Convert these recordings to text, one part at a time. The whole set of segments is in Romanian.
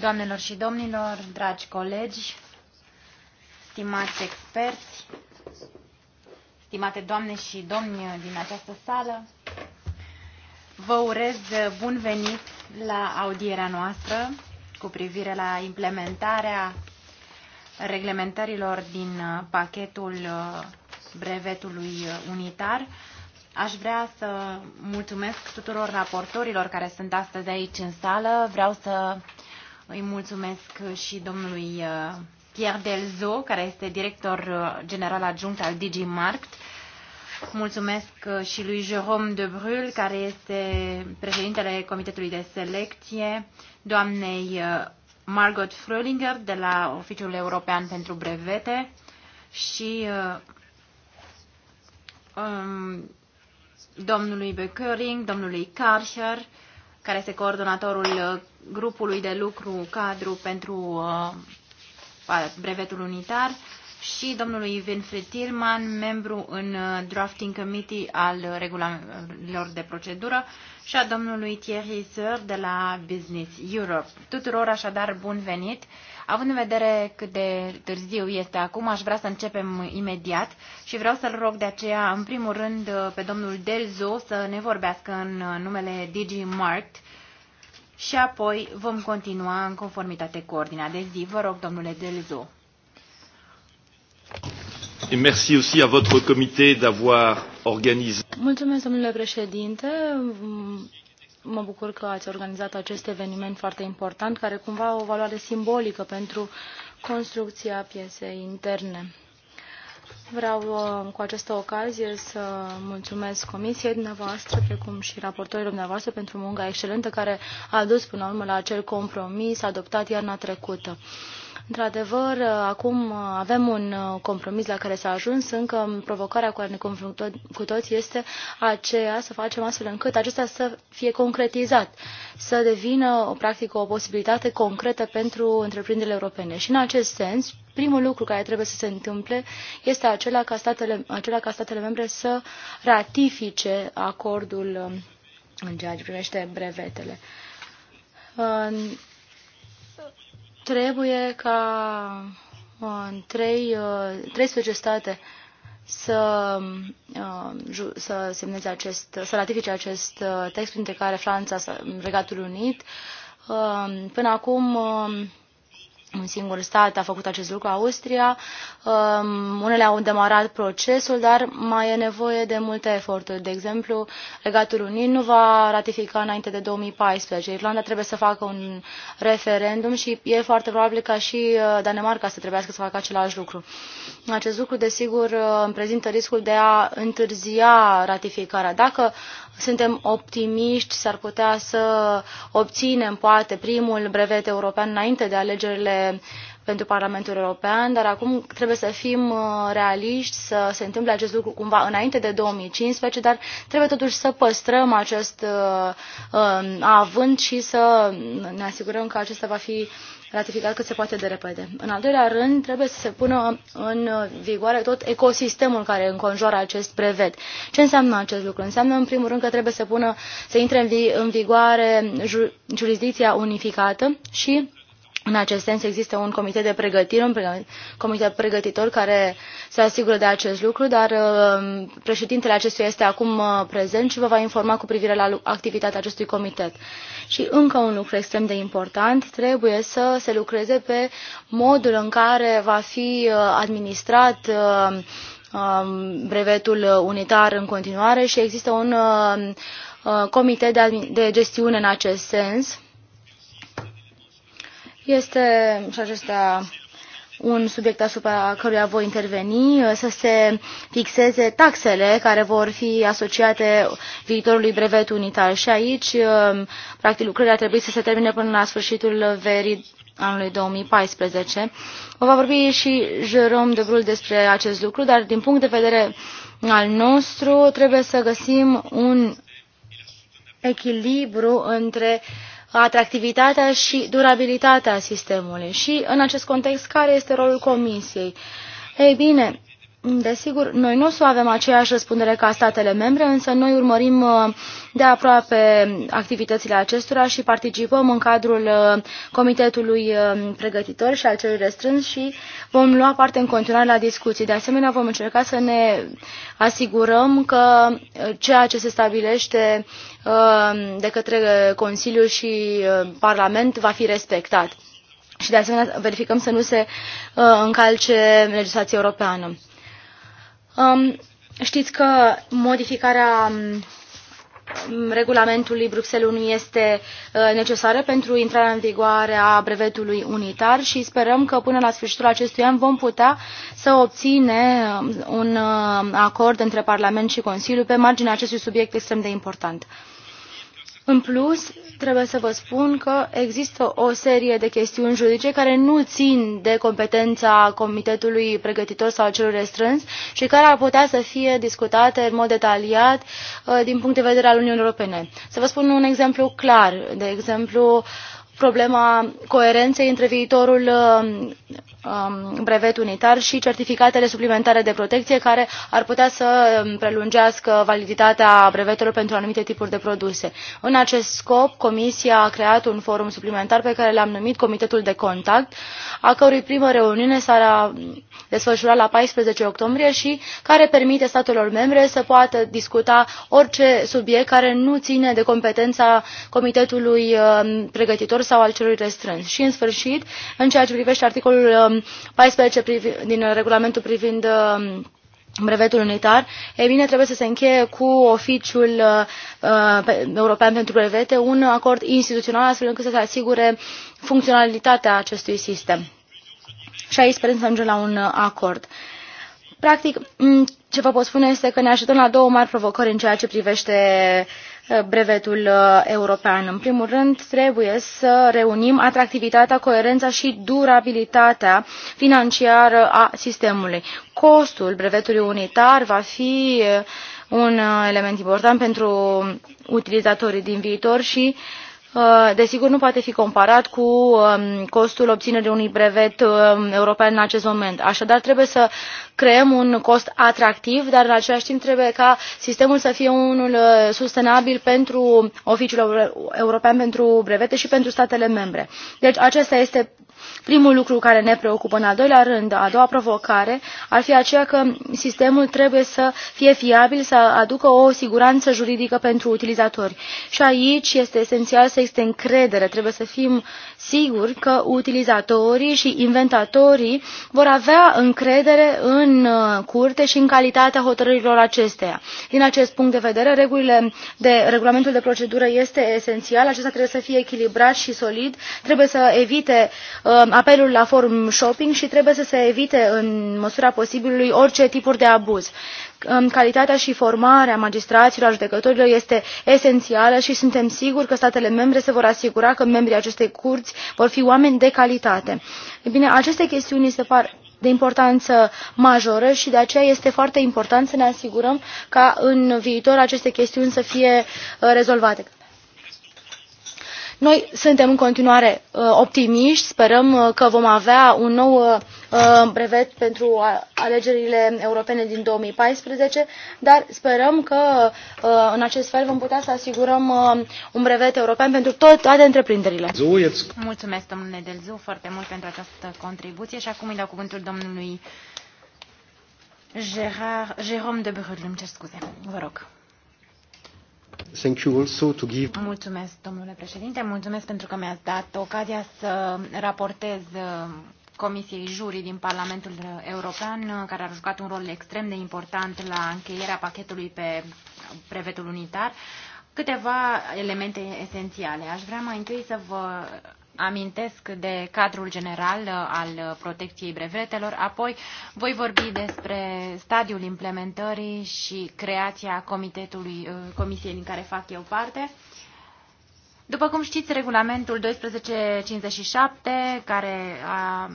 Doamnelor și domnilor, dragi colegi, stimați experți, stimate doamne și domni din această sală, vă urez bun venit la audierea noastră cu privire la implementarea reglementărilor din pachetul brevetului unitar Aș vrea să mulțumesc tuturor raportorilor care sunt astăzi aici în sală. Vreau să îi mulțumesc și domnului uh, Pierre Delzo, care este director uh, general adjunct al DigiMarkt. Mulțumesc uh, și lui Jérôme de Brul, care este președintele Comitetului de Selecție, doamnei Margot Frölinger de la Oficiul European pentru Brevete și um, domnului Beckering, domnului Karcher, care este coordonatorul uh, grupului de lucru cadru pentru uh, brevetul unitar, și domnului Winfried Tillman, membru în uh, Drafting Committee al uh, regulamentelor de procedură, și a domnului Thierry SIR de la Business Europe. Tuturor așadar bun venit! Având în vedere cât de târziu este acum, aș vrea să începem imediat și vreau să-l rog de aceea, în primul rând, uh, pe domnul Delzo să ne vorbească în numele DigiMarkt și apoi vom continua în conformitate cu ordinea de zi. Vă rog, domnule Delzo. Et merci aussi à votre comité d'avoir organisé. Mulțumesc, domnule președinte. Mă bucur că ați organizat acest eveniment foarte important, care cumva o valoare simbolică pentru construcția pieței interne. Vreau uh, cu această ocazie să mulțumesc comisiei dumneavoastră, precum și raportorilor dumneavoastră, pentru munca excelentă care a dus până la urmă la acel compromis adoptat iarna trecută. Într-adevăr, acum avem un uh, compromis la care s-a ajuns, încă provocarea cu care ne confruntăm cu toți este aceea să facem astfel încât acesta să fie concretizat, să devină practic o posibilitate concretă pentru întreprinderile europene. Și în acest sens, primul lucru care trebuie să se întâmple este acela ca statele, acela ca statele membre să ratifice acordul um, în ceea ce privește brevetele Trebuie ca uh, în trei 13 uh, state să, uh, să semneze acest, să ratifice acest text, printre care Franța, Regatul Unit. Până acum un singur stat a făcut acest lucru, Austria. Um, unele au demarat procesul, dar mai e nevoie de multe eforturi. De exemplu, Regatul Unit nu va ratifica înainte de 2014. Irlanda trebuie să facă un referendum și e foarte probabil ca și uh, Danemarca să trebuiască să facă același lucru. Acest lucru, desigur, uh, prezintă riscul de a întârzia ratificarea. Dacă suntem optimiști, s-ar putea să obținem poate primul brevet european înainte de alegerile pentru Parlamentul European, dar acum trebuie să fim uh, realiști, să se întâmple acest lucru cumva înainte de 2015, dar trebuie totuși să păstrăm acest uh, um, avânt și să ne asigurăm că acesta va fi ratificat cât se poate de repede. În al doilea rând, trebuie să se pună în vigoare tot ecosistemul care înconjoară acest brevet. Ce înseamnă acest lucru? Înseamnă, în primul rând, că trebuie să, pună, să intre în, vi în vigoare ju jurisdicția unificată și în acest sens există un comitet de pregătire, un comitet pregătitor care se asigură de acest lucru, dar uh, președintele acestuia este acum uh, prezent și vă va informa cu privire la activitatea acestui comitet. Și încă un lucru extrem de important, trebuie să se lucreze pe modul în care va fi uh, administrat um, brevetul unitar în continuare și există un comitet de, gestiune în acest sens este și acesta un subiect asupra căruia voi interveni, uh, să se fixeze taxele care vor fi asociate viitorului brevet unitar. Și aici, uh, practic, lucrurile ar trebui să se termine până la sfârșitul verii anului 2014. O va vorbi și Jerome de Brul despre acest lucru, dar din punct de vedere al nostru trebuie să găsim un echilibru între uh, atractivitatea și durabilitatea sistemului. Și în acest context, care este rolul Comisiei? Ei bine, Desigur, noi nu avem aceeași răspundere ca statele membre, însă noi urmărim uh, de aproape activitățile acestora și participăm în cadrul uh, comitetului uh, pregătitor și al celui restrâns și vom lua parte în continuare la discuții. De asemenea, vom încerca să ne asigurăm că ceea ce se stabilește de către Consiliu și Parlament va fi respectat. Și de asemenea verificăm să nu se încalce legislația europeană. Um, știți că modificarea um, regulamentului Bruxelles 1 este uh, necesară pentru intrarea în vigoare a brevetului unitar și sperăm că până la sfârșitul acestui an vom putea să obține um, un uh, acord între Parlament și Consiliu pe marginea acestui subiect extrem de important. În plus, trebuie să vă spun că există o serie de chestiuni juridice care nu țin de competența comitetului pregătitor sau celor restrâns și care ar putea să fie discutate în mod detaliat uh, din punct de vedere al Uniunii Europene. Să vă spun un exemplu clar, de exemplu problema coerenței între viitorul um, um, brevet unitar și certificatele suplimentare de protecție care ar putea să um, prelungească validitatea brevetelor pentru anumite tipuri de produse. În acest scop, Comisia a creat un forum suplimentar pe care l-am numit Comitetul de Contact, a cărui primă reuniune s-a desfășurat la 14 octombrie și care permite statelor membre să poată discuta orice subiect care nu ține de competența Comitetului pregătitor sau al celui restrâns. Și, în sfârșit, în ceea ce privește articolul 14 um, din uh, regulamentul privind um, brevetul unitar, e bine, trebuie să se încheie cu oficiul uh, european pentru brevete un acord instituțional astfel încât să se asigure funcționalitatea acestui sistem. Și aici sperăm să ajungem la un uh, acord. Practic, ce vă pot spune este că ne așteptăm la două mari provocări în ceea ce privește uh, Uh, brevetul uh, european. În primul rând, trebuie să reunim atractivitatea, coerența și durabilitatea financiară a sistemului. Costul brevetului unitar va fi uh, un element important pentru utilizatorii din viitor și Uh, desigur nu poate fi comparat cu um, costul obținerii unui brevet um, european în acest moment. așadar trebuie să creăm un cost atractiv dar în același timp trebuie ca sistemul să fie unul uh, sustenabil pentru oficiul european pentru brevete și pentru statele membre. deci acesta este Primul lucru care ne preocupă, în al doilea rând, a doua provocare, ar fi aceea că sistemul trebuie să fie fiabil, să aducă o siguranță juridică pentru utilizatori. Și aici este esențial să existe încredere, trebuie să fim siguri că utilizatorii și inventatorii vor avea încredere în uh, curte și în calitatea hotărârilor acesteia. Din acest punct de vedere, regulile de regulamentul de procedură este esențial, acesta trebuie să fie echilibrat și solid, trebuie să evite uh, Um, apelul la forum shopping și trebuie să se evite în măsura posibilului orice tipuri de abuz. Um, calitatea și formarea magistraților a judecătorilor este esențială și suntem siguri că statele membre se vor asigura că membrii acestei curți vor fi oameni de calitate. Ei bine, aceste chestiuni se par de importanță majoră și de aceea este foarte important să ne asigurăm ca în viitor aceste chestiuni să fie uh, rezolvate. Noi suntem în continuare uh, optimiști, sperăm uh, că vom avea un nou uh, brevet pentru alegerile europene din 2014, dar sperăm că în acest fel vom putea să asigurăm un brevet european pentru toate întreprinderile. Mulțumesc, domnule Delzu, foarte mult pentru această contribuție și acum îi dau cuvântul domnului Gérard, Jérôme de Brul, îmi cer scuze, vă rog. Thank you also to give... Mulțumesc, domnule președinte, mulțumesc pentru că mi-ați dat ocazia să raportez uh, Comisiei Juri din Parlamentul European, uh, care a jucat un rol extrem de important la încheierea pachetului pe brevetul unitar. Câteva elemente esențiale. Aș vrea mai întâi să vă amintesc de cadrul general uh, al uh, protecției brevetelor, apoi voi vorbi despre stadiul implementării și creația comitetului, uh, comisiei din care fac eu parte. După cum știți, regulamentul 1257, care a,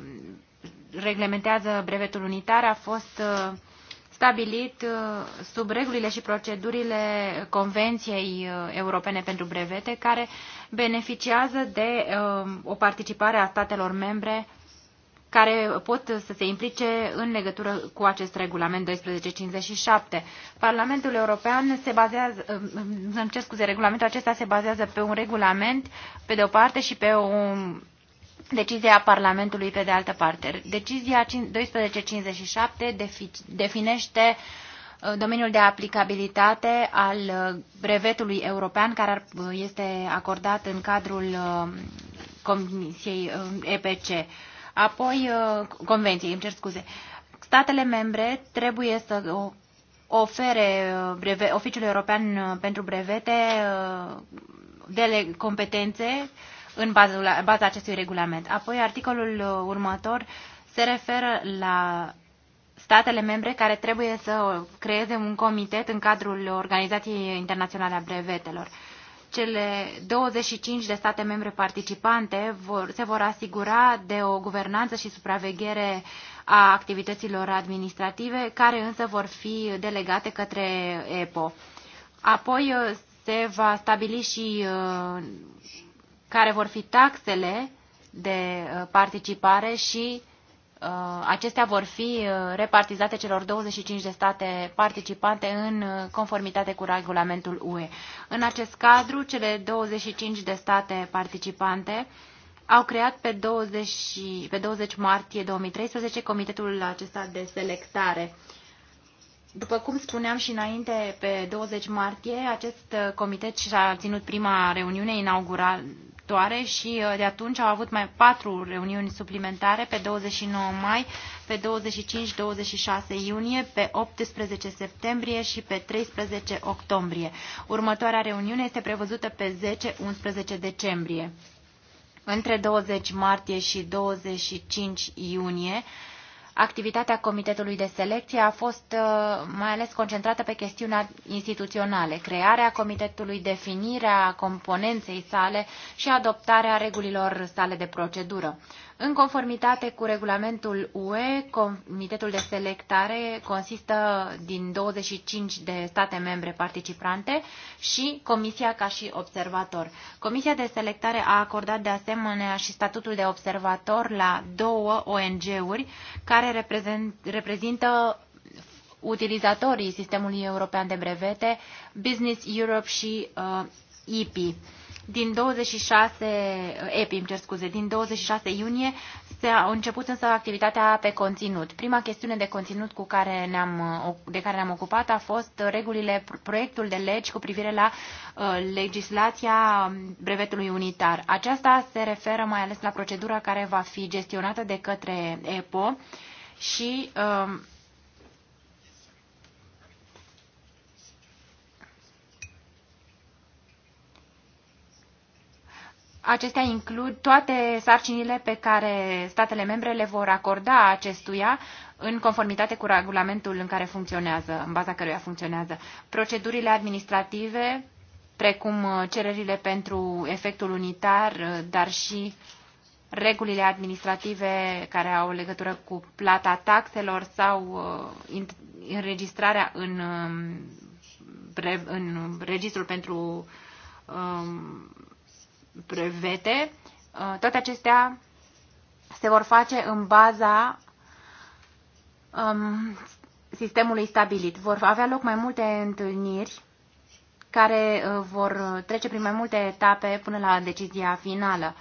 reglementează brevetul unitar, a fost uh, stabilit uh, sub regulile și procedurile Convenției uh, Europene pentru Brevete, care beneficiază de uh, o participare a statelor membre care pot să se implice în legătură cu acest regulament 1257. Parlamentul European se bazează, îmi cer scuze, regulamentul acesta se bazează pe un regulament, pe de o parte, și pe un decizia Parlamentului pe de altă parte. Decizia 1257 definește uh, domeniul de aplicabilitate al uh, brevetului european care uh, este acordat în cadrul Comisiei EPC. Apoi, convenției, îmi cer scuze. Statele membre trebuie să ofere breve, Oficiul European pentru Brevete de competențe în baza, baza acestui regulament. Apoi, articolul uh, următor se referă la statele membre care trebuie să creeze un comitet în cadrul Organizației Internaționale a Brevetelor. Cele 25 de state membre participante vor, se vor asigura de o guvernanță și supraveghere a activităților administrative, care însă vor fi delegate către EPO. Apoi uh, se va stabili și uh, care vor fi taxele de uh, participare și uh, acestea vor fi uh, repartizate celor 25 de state participante în conformitate cu regulamentul UE. În acest cadru, cele 25 de state participante au creat pe 20, pe 20 martie 2013 comitetul acesta de selectare. După cum spuneam și înainte, pe 20 martie, acest comitet și-a ținut prima reuniune inaugural, viitoare și uh, de atunci au avut mai patru reuniuni suplimentare pe 29 mai, pe 25-26 iunie, pe 18 septembrie și pe 13 octombrie. Următoarea reuniune este prevăzută pe 10-11 decembrie. Între 20 martie și 25 iunie activitatea Comitetului de Selecție a fost uh, mai ales concentrată pe chestiuni instituționale, crearea Comitetului, definirea componenței sale și adoptarea regulilor sale de procedură. În conformitate cu regulamentul UE, Comitetul de Selectare consistă din 25 de state membre participante și Comisia ca și observator. Comisia de Selectare a acordat de asemenea și statutul de observator la două ONG-uri care reprezintă utilizatorii sistemului european de brevete, Business Europe și uh, din 26, EPI, îmi cer scuze, din 26 iunie s-a început însă activitatea pe conținut. Prima chestiune de conținut cu care ne-am, eh, de care ne-am ocupat a fost regulile, proiectul de legi cu privire la uh, legislația mm, brevetului unitar. Aceasta se referă mai ales la procedura care va fi gestionată de către EPO și uh, Acestea includ toate sarcinile pe care statele membre le vor acorda acestuia în conformitate cu regulamentul în care funcționează, în baza căruia funcționează. Procedurile administrative, precum uh, cererile pentru efectul unitar, uh, dar și regulile administrative care au legătură cu plata taxelor sau uh, înregistrarea în, um, în registrul pentru um, brevete, uh, toate acestea se vor face în baza um, sistemului stabilit. Vor avea loc mai multe întâlniri care uh, vor trece prin mai multe etape până la decizia finală.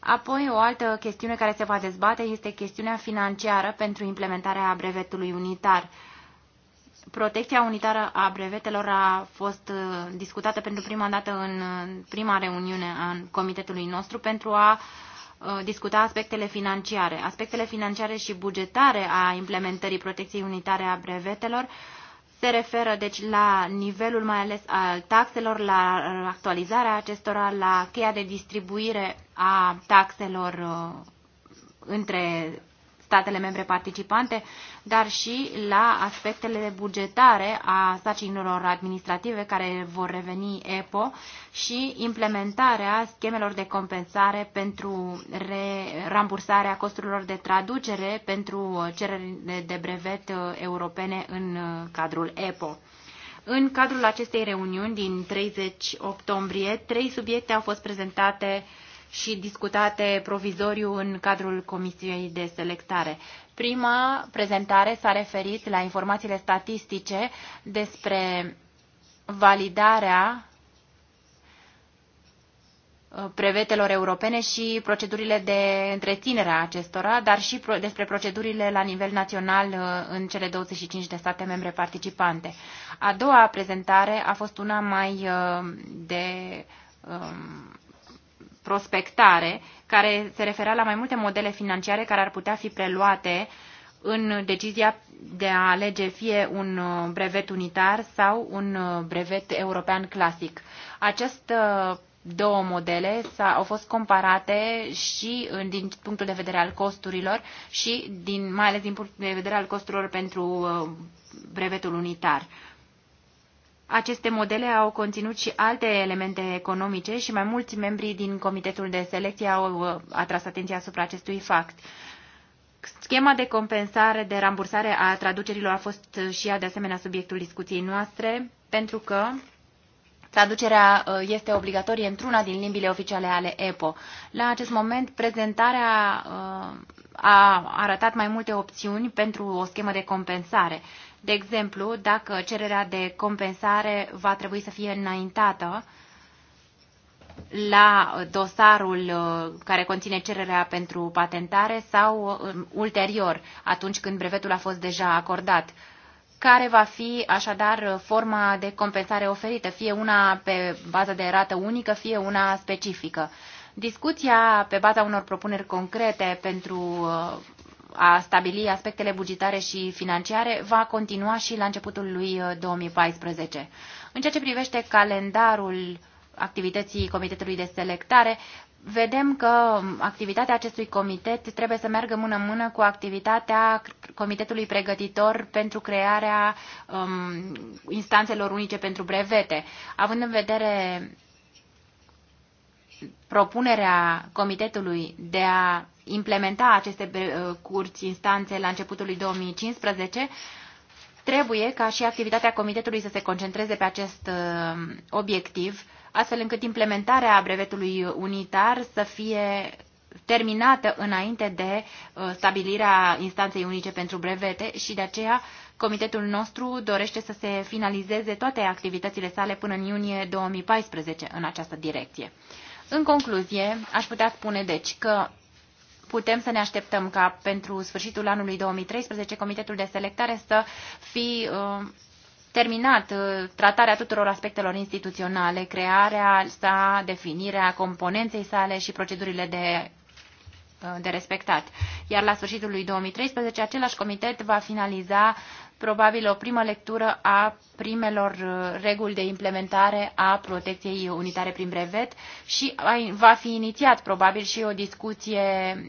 Apoi, o altă chestiune care se va dezbate este chestiunea financiară pentru implementarea brevetului unitar. Protecția unitară a brevetelor a fost uh, discutată pentru prima dată în uh, prima reuniune a comitetului nostru pentru a uh, discuta aspectele financiare. Aspectele financiare și bugetare a implementării protecției unitare a brevetelor se referă deci la nivelul mai ales al taxelor, la actualizarea acestora, la cheia de distribuire a taxelor între statele membre participante, dar și la aspectele bugetare a sarcinilor administrative care vor reveni EPO și implementarea schemelor de compensare pentru rambursarea costurilor de traducere pentru uh, cererile de brevet uh, europene în uh, cadrul EPO. În cadrul acestei reuniuni din 30 octombrie, trei subiecte au fost prezentate uh, și discutate provizoriu în cadrul Comisiei de Selectare. Prima prezentare s-a referit la informațiile statistice despre validarea prevetelor uh, europene și procedurile de întreținere a acestora, dar și pro despre procedurile la nivel național uh, în cele 25 de state membre participante. A doua prezentare a fost una mai uh, de um, prospectare, care se referea la mai multe modele financiare care ar putea fi preluate în decizia de a alege fie un uh, brevet unitar sau un uh, brevet european clasic. Aceste două modele au fost comparate și din punctul de vedere al costurilor și din, mai ales din punctul de vedere al costurilor pentru uh, brevetul unitar. Aceste modele au conținut și alte elemente economice și mai mulți membri din Comitetul de Selecție au uh, atras atenția asupra acestui fapt. Schema de compensare, de rambursare a traducerilor a fost și ea de asemenea subiectul discuției noastre, pentru că Traducerea uh, este obligatorie într-una din limbile oficiale ale EPO. La acest moment, prezentarea uh, a arătat mai multe opțiuni pentru o schemă de compensare. De exemplu, dacă cererea de compensare va trebui să fie înaintată la dosarul uh, care conține cererea pentru patentare sau uh, ulterior, atunci când brevetul a fost deja acordat care va fi așadar uh, forma de compensare oferită, fie una pe bază de rată unică, fie una specifică. Discuția pe baza unor propuneri concrete pentru a stabili aspectele bugetare și financiare va continua și la începutul lui 2014. Uh, în ceea ce privește calendarul activității Comitetului de Selectare, vedem că um, activitatea acestui comitet trebuie să meargă mână-mână cu activitatea comitetului pregătitor pentru crearea um, instanțelor unice pentru brevete. Având în vedere propunerea comitetului de a implementa aceste uh, curți instanțe la începutul lui 2015, trebuie ca și activitatea comitetului să se concentreze pe acest uh, obiectiv, astfel încât implementarea brevetului unitar să fie terminată înainte de uh, stabilirea instanței unice pentru brevete și de aceea comitetul nostru dorește să se finalizeze toate activitățile sale până în iunie 2014 în această direcție. În concluzie, aș putea spune deci că putem să ne așteptăm ca pentru sfârșitul anului 2013 Comitetul de Selectare să fi uh, terminat uh, tratarea tuturor aspectelor instituționale, crearea sa, definirea componenței sale și procedurile de Uh, de respectat. Iar la sfârșitul lui 2013, același comitet va finaliza probabil o primă lectură a primelor uh, reguli de implementare a protecției unitare prin brevet și va fi inițiat probabil și o discuție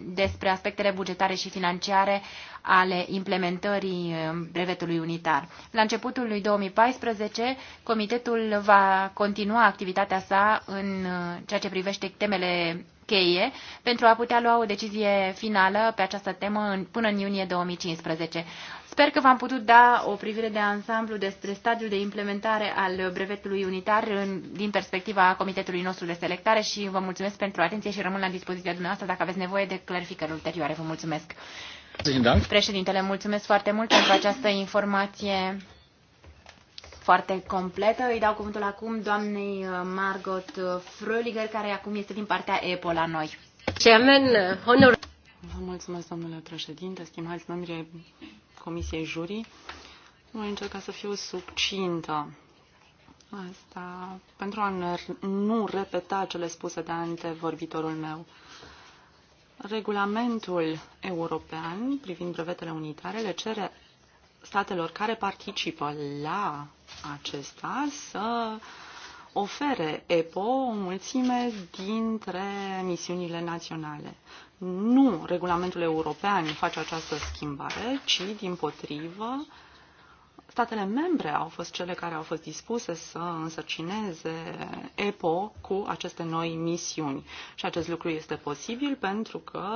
despre aspectele bugetare și financiare ale implementării uh, brevetului unitar. La începutul lui 2014, comitetul va continua activitatea sa în ceea ce privește temele cheie pentru a putea lua o decizie finală pe această temă în, până în iunie 2015. Sper că v-am putut da o privire de ansamblu despre stadiul de implementare al brevetului unitar în, din perspectiva comitetului nostru de selectare și vă mulțumesc pentru atenție și rămân la dispoziția dumneavoastră dacă aveți nevoie de clarificări ulterioare. Vă mulțumesc. Președintele, mulțumesc foarte mult pentru această informație foarte completă. Îi dau cuvântul acum doamnei uh, Margot uh, Fröliger, care acum este din partea EPO la noi. Chairman, uh, honor... Vă mulțumesc, domnule președinte, stimați membri ai Comisiei Jurii. Voi încerca să fiu subcintă. Asta pentru a nu repeta cele spuse de antevorbitorul meu. Regulamentul european privind brevetele unitare le cere statelor care participă la acesta să ofere EPO o mulțime dintre misiunile naționale. Nu regulamentul european face această schimbare, ci, din potrivă, statele membre au fost cele care au fost dispuse să însărcineze EPO cu aceste noi misiuni. Și acest lucru este posibil pentru că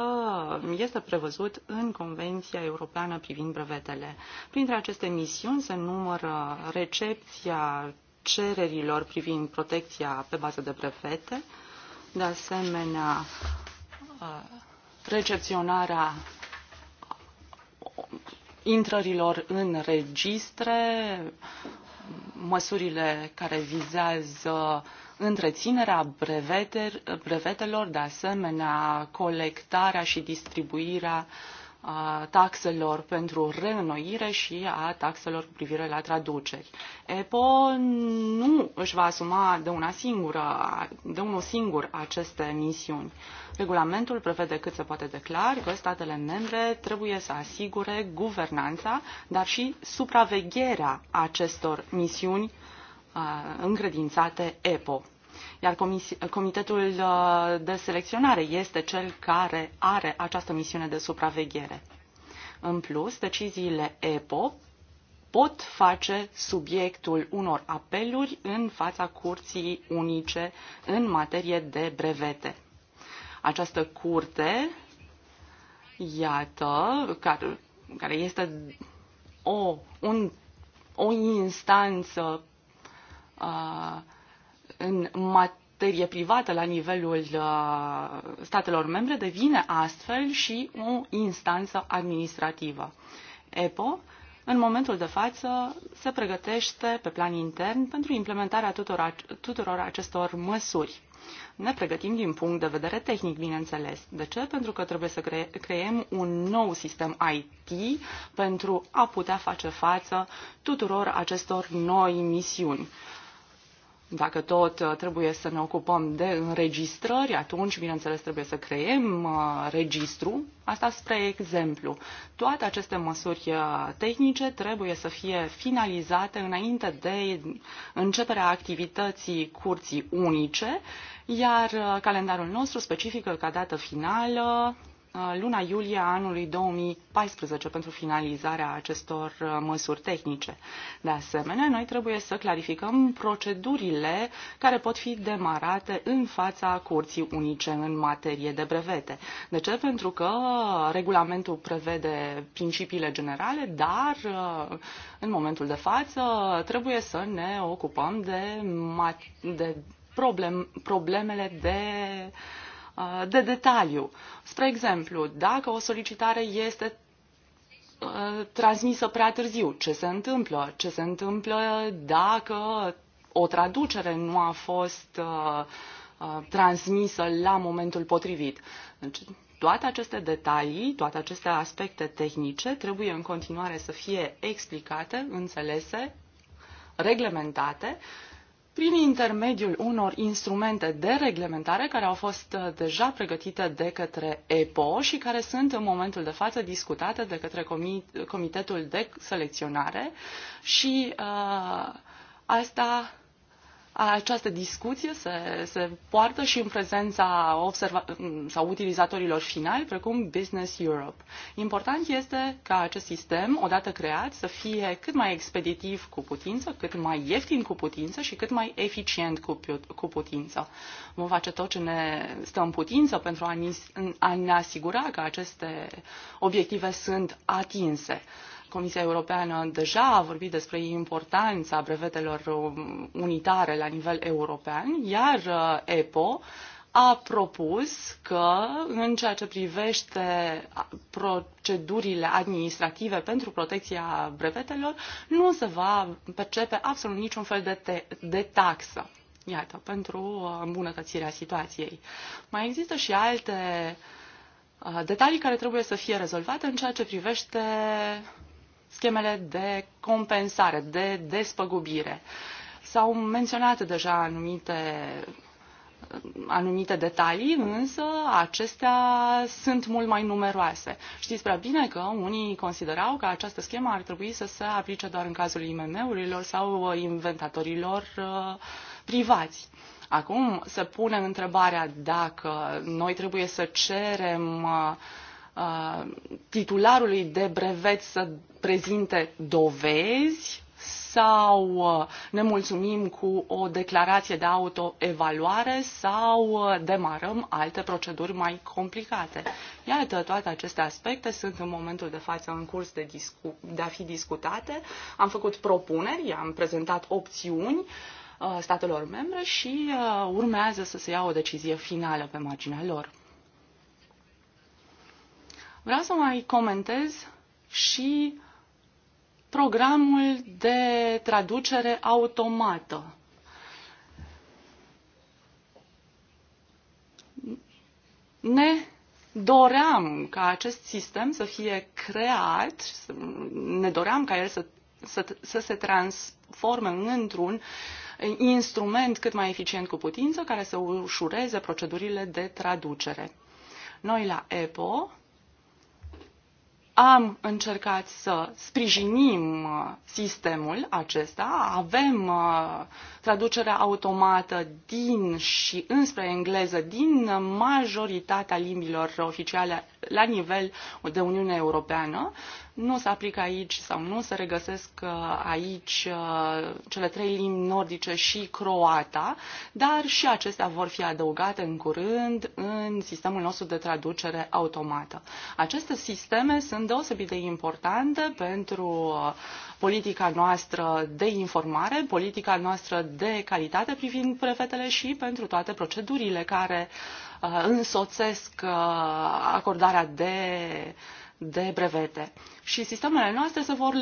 este prevăzut în Convenția Europeană privind brevetele. Printre aceste misiuni se numără recepția cererilor privind protecția pe bază de brevete, de asemenea uh, recepționarea intrărilor în registre, măsurile care vizează întreținerea brevetelor, de asemenea colectarea și distribuirea uh, taxelor pentru reînnoire și a taxelor cu privire la traduceri. EPO nu își va asuma de, una singură, de unul singur aceste misiuni. Regulamentul prevede cât se poate declar că statele membre trebuie să asigure guvernanța, dar și supravegherea acestor misiuni uh, încredințate EPO iar Comitetul uh, de Selecționare este cel care are această misiune de supraveghere. În plus, deciziile EPO pot face subiectul unor apeluri în fața curții unice în materie de brevete. Această curte, iată, care, care este o, un, o instanță uh, în materie privată la nivelul uh, statelor membre devine astfel și o instanță administrativă. EPO în momentul de față se pregătește pe plan intern pentru implementarea tuturor, acestor măsuri. Ne pregătim din punct de vedere tehnic, bineînțeles. De ce? Pentru că trebuie să cre- creăm un nou sistem IT pentru a putea face față tuturor acestor noi misiuni. Dacă tot uh, trebuie să ne ocupăm de înregistrări, atunci, bineînțeles, trebuie să creem uh, registru. Asta spre exemplu. Toate aceste măsuri uh, tehnice trebuie să fie finalizate înainte de începerea activității curții unice, iar calendarul nostru specifică ca dată finală Uh, luna iulie a anului 2014 pentru finalizarea acestor uh, măsuri tehnice. De asemenea, noi trebuie să clarificăm procedurile care pot fi demarate în fața Curții Unice în materie de brevete. De ce? Pentru că regulamentul prevede principiile generale, dar uh, în momentul de față trebuie să ne ocupăm de, de problem, problemele de Uh, de detaliu. Spre exemplu, dacă o solicitare este uh, transmisă prea târziu, ce se întâmplă? Ce se întâmplă dacă o traducere nu a fost uh, transmisă la momentul potrivit? Deci, toate aceste detalii, toate aceste aspecte tehnice trebuie în continuare să fie explicate, înțelese, reglementate prin intermediul unor instrumente de reglementare care au fost uh, deja pregătite de către EPO și care sunt în momentul de față discutate de către Comitetul de Selecționare și uh, asta această discuție se, se poartă și în prezența observa- sau utilizatorilor finali, precum Business Europe. Important este ca acest sistem, odată creat, să fie cât mai expeditiv cu putință, cât mai ieftin cu putință și cât mai eficient cu, cu putință. Vom face tot ce ne stă în putință pentru a, ni, a ne asigura că aceste obiective sunt atinse. Comisia Europeană deja a vorbit despre importanța brevetelor unitare la nivel european, iar uh, EPO a propus că în ceea ce privește procedurile administrative pentru protecția brevetelor nu se va percepe absolut niciun fel de, de taxă. Iată, pentru uh, îmbunătățirea situației. Mai există și alte uh, detalii care trebuie să fie rezolvate în ceea ce privește schemele de compensare, de despăgubire. Uh, S-au menționat deja anumite anumite detalii, însă acestea sunt mult mai numeroase. Știți prea bine că unii considerau că această schemă ar trebui să se aplice doar în cazul IMM-urilor sau uh, inventatorilor uh, privați. Acum se pune întrebarea dacă noi trebuie să cerem uh, titularului de brevet să prezinte dovezi sau uh, ne mulțumim cu o declarație de autoevaluare sau uh, demarăm alte proceduri mai complicate. Iată, toate aceste aspecte sunt în momentul de față în curs de, discu- de a fi discutate. Am făcut propuneri, am prezentat opțiuni uh, statelor membre și urmează să se ia o decizie finală pe marginea lor. Vreau să mai comentez și programul de traducere automată. Ne doream ca acest sistem să fie creat, ne doream ca el să, să, să se transforme într-un instrument cât mai eficient cu putință care să ușureze procedurile de traducere. Noi la EPO am încercat să sprijinim uh, sistemul acesta, avem uh, traducerea automată din și înspre engleză din majoritatea limbilor oficiale la nivel de Uniune Europeană. Nu se aplică aici sau nu se regăsesc uh, aici uh, cele trei limbi nordice și croata, dar și acestea vor fi adăugate în curând în sistemul nostru de traducere automată. Aceste sisteme sunt deosebit de importante pentru uh, politica noastră de informare, politica noastră de calitate privind prefetele și pentru toate procedurile care uh, Uh, însoțesc uh, acordarea de, de brevete. Și sistemele noastre se vor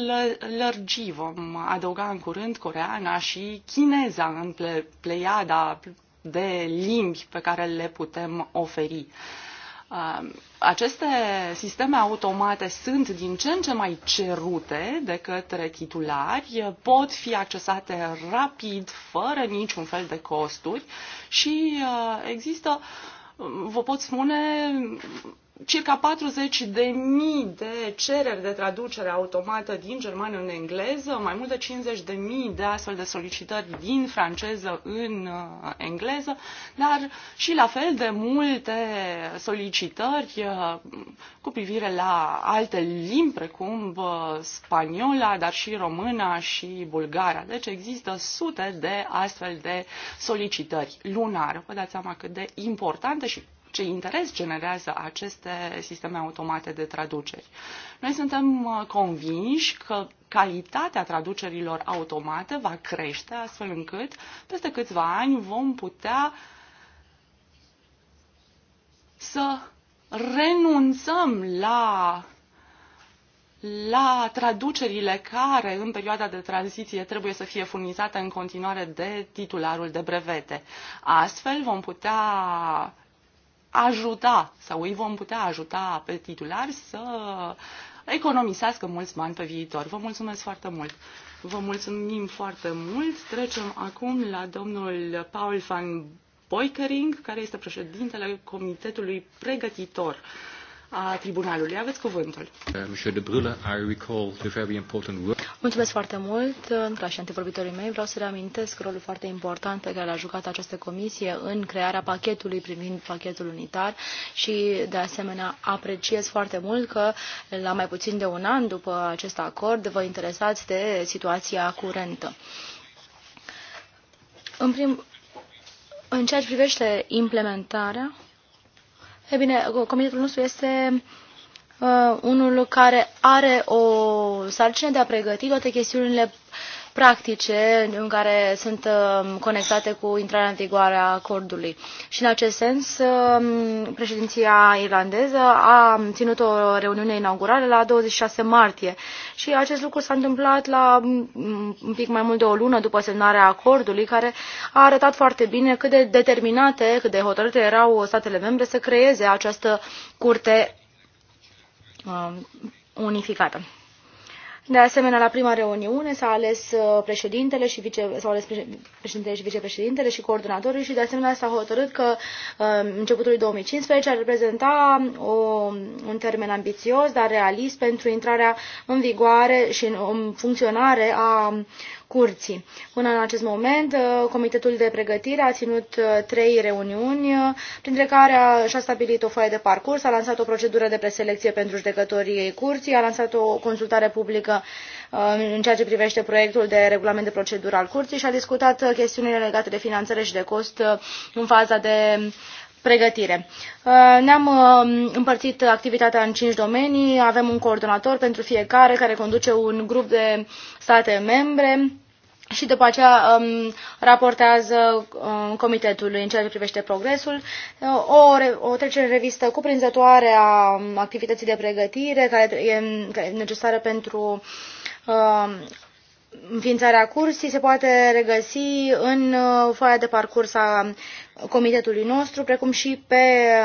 lărgi, vom adăuga în curând coreana și chineza în ple, pleiada de limbi pe care le putem oferi. Uh, aceste sisteme automate sunt din ce în ce mai cerute de către titulari, pot fi accesate rapid, fără niciun fel de costuri și există vă pot spune circa 40 de mii de cereri de traducere automată din germană în engleză, mai mult de 50 de mii de astfel de solicitări din franceză în uh, engleză, dar și la fel de multe solicitări uh, cu privire la alte limbi, precum uh, spaniola, dar și româna și bulgara. Deci există sute de astfel de solicitări lunar. Vă dați seama cât de importante și ce interes generează aceste sisteme automate de traduceri. Noi suntem uh, convinși că calitatea traducerilor automate va crește astfel încât peste câțiva ani vom putea să renunțăm la la traducerile care în perioada de tranziție trebuie să fie furnizate în continuare de titularul de brevete. Astfel vom putea ajuta sau îi vom putea ajuta pe titulari să economisească mulți bani pe viitor. Vă mulțumesc foarte mult! Vă mulțumim foarte mult! Trecem acum la domnul Paul van Boikering, care este președintele Comitetului Pregătitor uh, a tribunalului. Aveți cuvântul. Uh, monsieur de Brule, I recall the very important work. Mulțumesc foarte mult. Ca și antevorbitorii mei, vreau să reamintesc rolul foarte important pe care l-a jucat această comisie în crearea pachetului privind pachetul unitar și, de asemenea, apreciez foarte mult că, la mai puțin de un an după acest acord, vă interesați de situația curentă. În, prim, în ceea ce privește implementarea, E bine, comitetul nostru este uh, unul care are o sarcină de a pregăti toate chestiunile practice în care sunt um, conectate cu intrarea în vigoare a acordului. Și în acest sens, um, președinția irlandeză a ținut o reuniune inaugurală la 26 martie și acest lucru s-a întâmplat la um, un pic mai mult de o lună după semnarea acordului, care a arătat foarte bine cât de determinate, cât de hotărâte erau statele membre să creeze această curte unificată. De asemenea, la prima reuniune s-a ales uh, președintele și vice, s-au ales președintele și vicepreședintele și coordonatorii și de asemenea s-a hotărât că uh, începutul 2015 ar reprezenta o, un termen ambițios, dar realist pentru intrarea în vigoare și în, în funcționare a curții. Până în acest moment, uh, Comitetul de Pregătire a ținut uh, trei reuniuni, uh, printre care și-a stabilit o foaie de parcurs, a lansat o procedură de preselecție pentru judecătorii curții, a lansat o consultare publică în ceea ce privește proiectul de regulament de procedură al curții și a discutat chestiunile legate de finanțare și de cost în faza de pregătire. Uh, ne-am uh, împărțit activitatea în cinci domenii, avem un coordonator pentru fiecare care conduce un grup de state membre și după aceea um, raportează um, comitetului în ceea ce privește progresul, uh, o, o trecere în revistă cuprinzătoare a um, activității de pregătire care e necesară pentru um, înființarea cursii se poate regăsi în uh, foaia de parcurs a comitetului nostru, precum și pe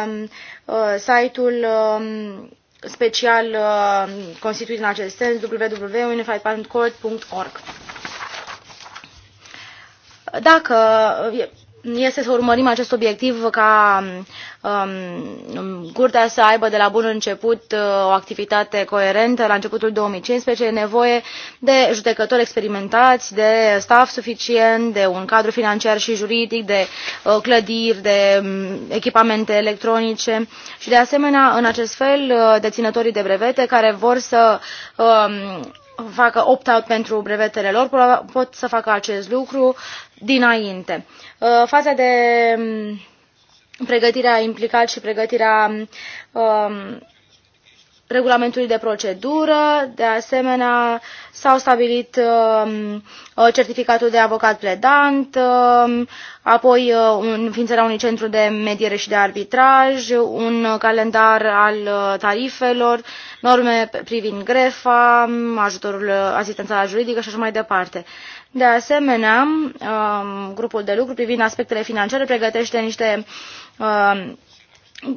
um, uh, site-ul um, special uh, constituit în acest sens, www.unifiedparentcode.org. Dacă este să urmărim acest obiectiv ca um, curtea să aibă de la bun început uh, o activitate coerentă. La începutul 2015 e nevoie de judecători experimentați, de staff suficient, de un cadru financiar și juridic, de uh, clădiri, de um, echipamente electronice și de asemenea, în acest fel, uh, deținătorii de brevete care vor să um, facă opt out pentru brevetele lor pot să facă acest lucru dinainte. Uh, faza de um, pregătire a implicat și pregătirea um, regulamentului de procedură. De asemenea, s-au stabilit um, uh, certificatul de avocat pledant, apoi uh, înființarea unui centru de mediere și de arbitraj, un calendar al tarifelor, norme privind grefa, ajutorul, asistența juridică și așa mai departe. De asemenea, um, grupul de lucru privind aspectele financiare pregătește niște um,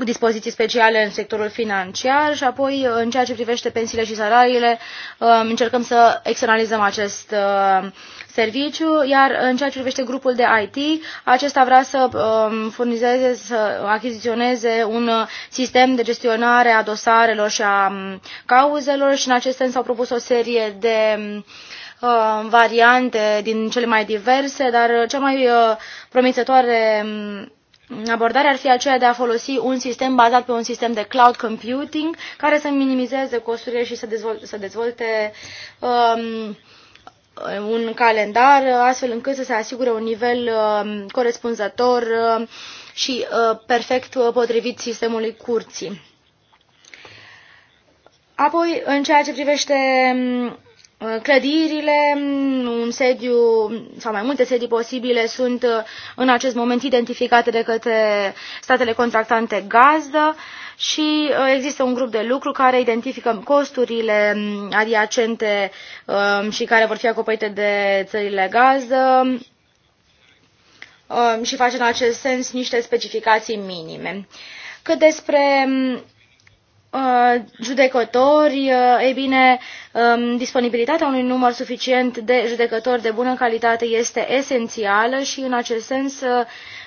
dispoziții speciale în sectorul financiar și apoi în ceea ce privește pensiile și salariile um, încercăm să externalizăm acest serviciu, iar în ceea ce privește grupul de IT, acesta vrea să furnizeze, să achiziționeze un sistem de gestionare a dosarelor și a cauzelor și în acest sens au propus o serie de uh, Uh, variante din cele mai diverse, dar cea mai uh, promițătoare mm, abordare ar fi aceea de a folosi un sistem bazat pe un sistem de cloud computing care să minimizeze costurile și să, dezvol- să dezvolte um, uh, un calendar astfel încât să se asigure un nivel um, corespunzător um, și uh, perfect potrivit sistemului curții. Apoi, în ceea ce privește mm, Uh, clădirile, mm, un sediu sau mai multe sedii posibile sunt uh, în acest moment identificate de către statele contractante gazdă și uh, există un grup de lucru care identifică costurile mm, adiacente um, și care vor fi acoperite de țările gazdă um, și face în acest sens niște specificații minime. Cât despre mm, Uh, judecători, uh, ei bine, um, disponibilitatea unui număr suficient de judecători de bună calitate este esențială și în acest sens uh,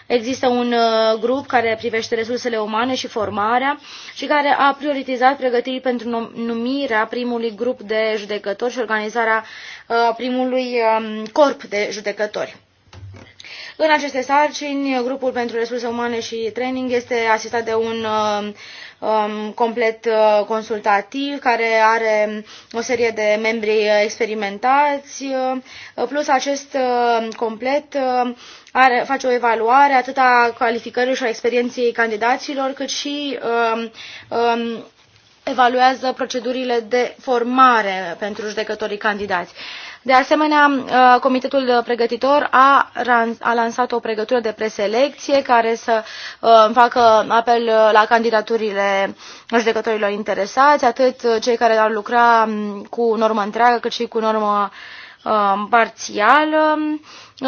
există un grup care privește resursele umane și formarea și care a prioritizat pregătirii pentru numirea primului grup de judecători și organizarea primului um, corp de judecători. În aceste sarcini, grupul pentru resurse umane și training este asistat de un Um, complet uh, consultativ, care are o serie de membri experimentați, uh, plus acest uh, complet are, face o evaluare atât a calificării și a experienței candidaților, cât și um, um, evaluează procedurile de formare pentru judecătorii candidați. Uh, de asemenea, uh, comitetul pregătitor a, a lansat o pregătură de preselecție care să uh, facă apel uh, la candidaturile judecătorilor interesați, atât cei care ar lucra um, cu normă întreagă, cât și cu normă um, parțială,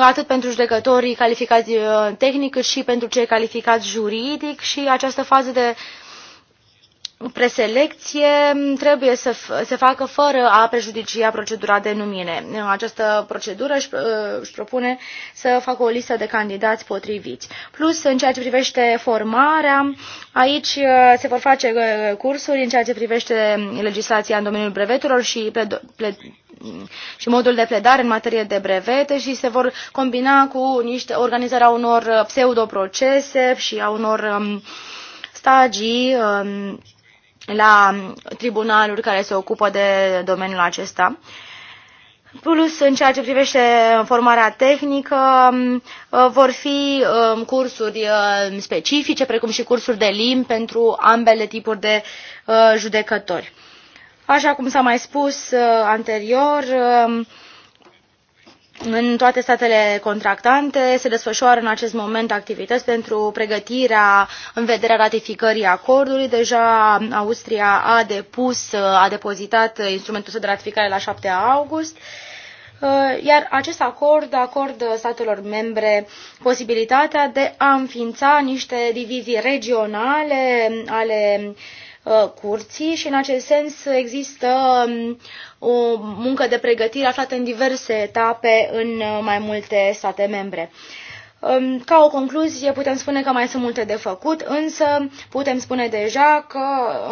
atât pentru judecătorii calificați tehnic, cât și pentru cei calificați juridic și această fază de preselecție mm, trebuie să se facă fără a prejudicia procedura de numire. Această procedură își, uh, își propune să facă o listă de candidați potriviți. Plus, în ceea ce privește formarea, aici uh, se vor face uh, cursuri în ceea ce privește mm, legislația în domeniul breveturilor și mm, și modul de pledare în materie de brevete și se vor combina cu niște organizarea unor pseudoprocese și a unor stagii um, la tribunaluri care se ocupă de domeniul acesta. Plus, în ceea ce privește formarea tehnică, uh, vor fi uh, cursuri uh, specifice, precum și cursuri de limbi pentru ambele tipuri de judecători. Așa cum s-a mai spus anterior, în toate statele contractante se desfășoară în acest moment activități pentru pregătirea în vederea ratificării acordului. Deja Austria a depus, a depozitat instrumentul său de ratificare la 7 august uh, iar acest acord acordă statelor membre posibilitatea de a înființa niște divizii regionale ale Uh, curții și în acest sens există um, o muncă de pregătire aflată în diverse etape în uh, mai multe state membre. Um, ca o concluzie, putem spune că mai sunt multe de făcut, însă putem spune deja că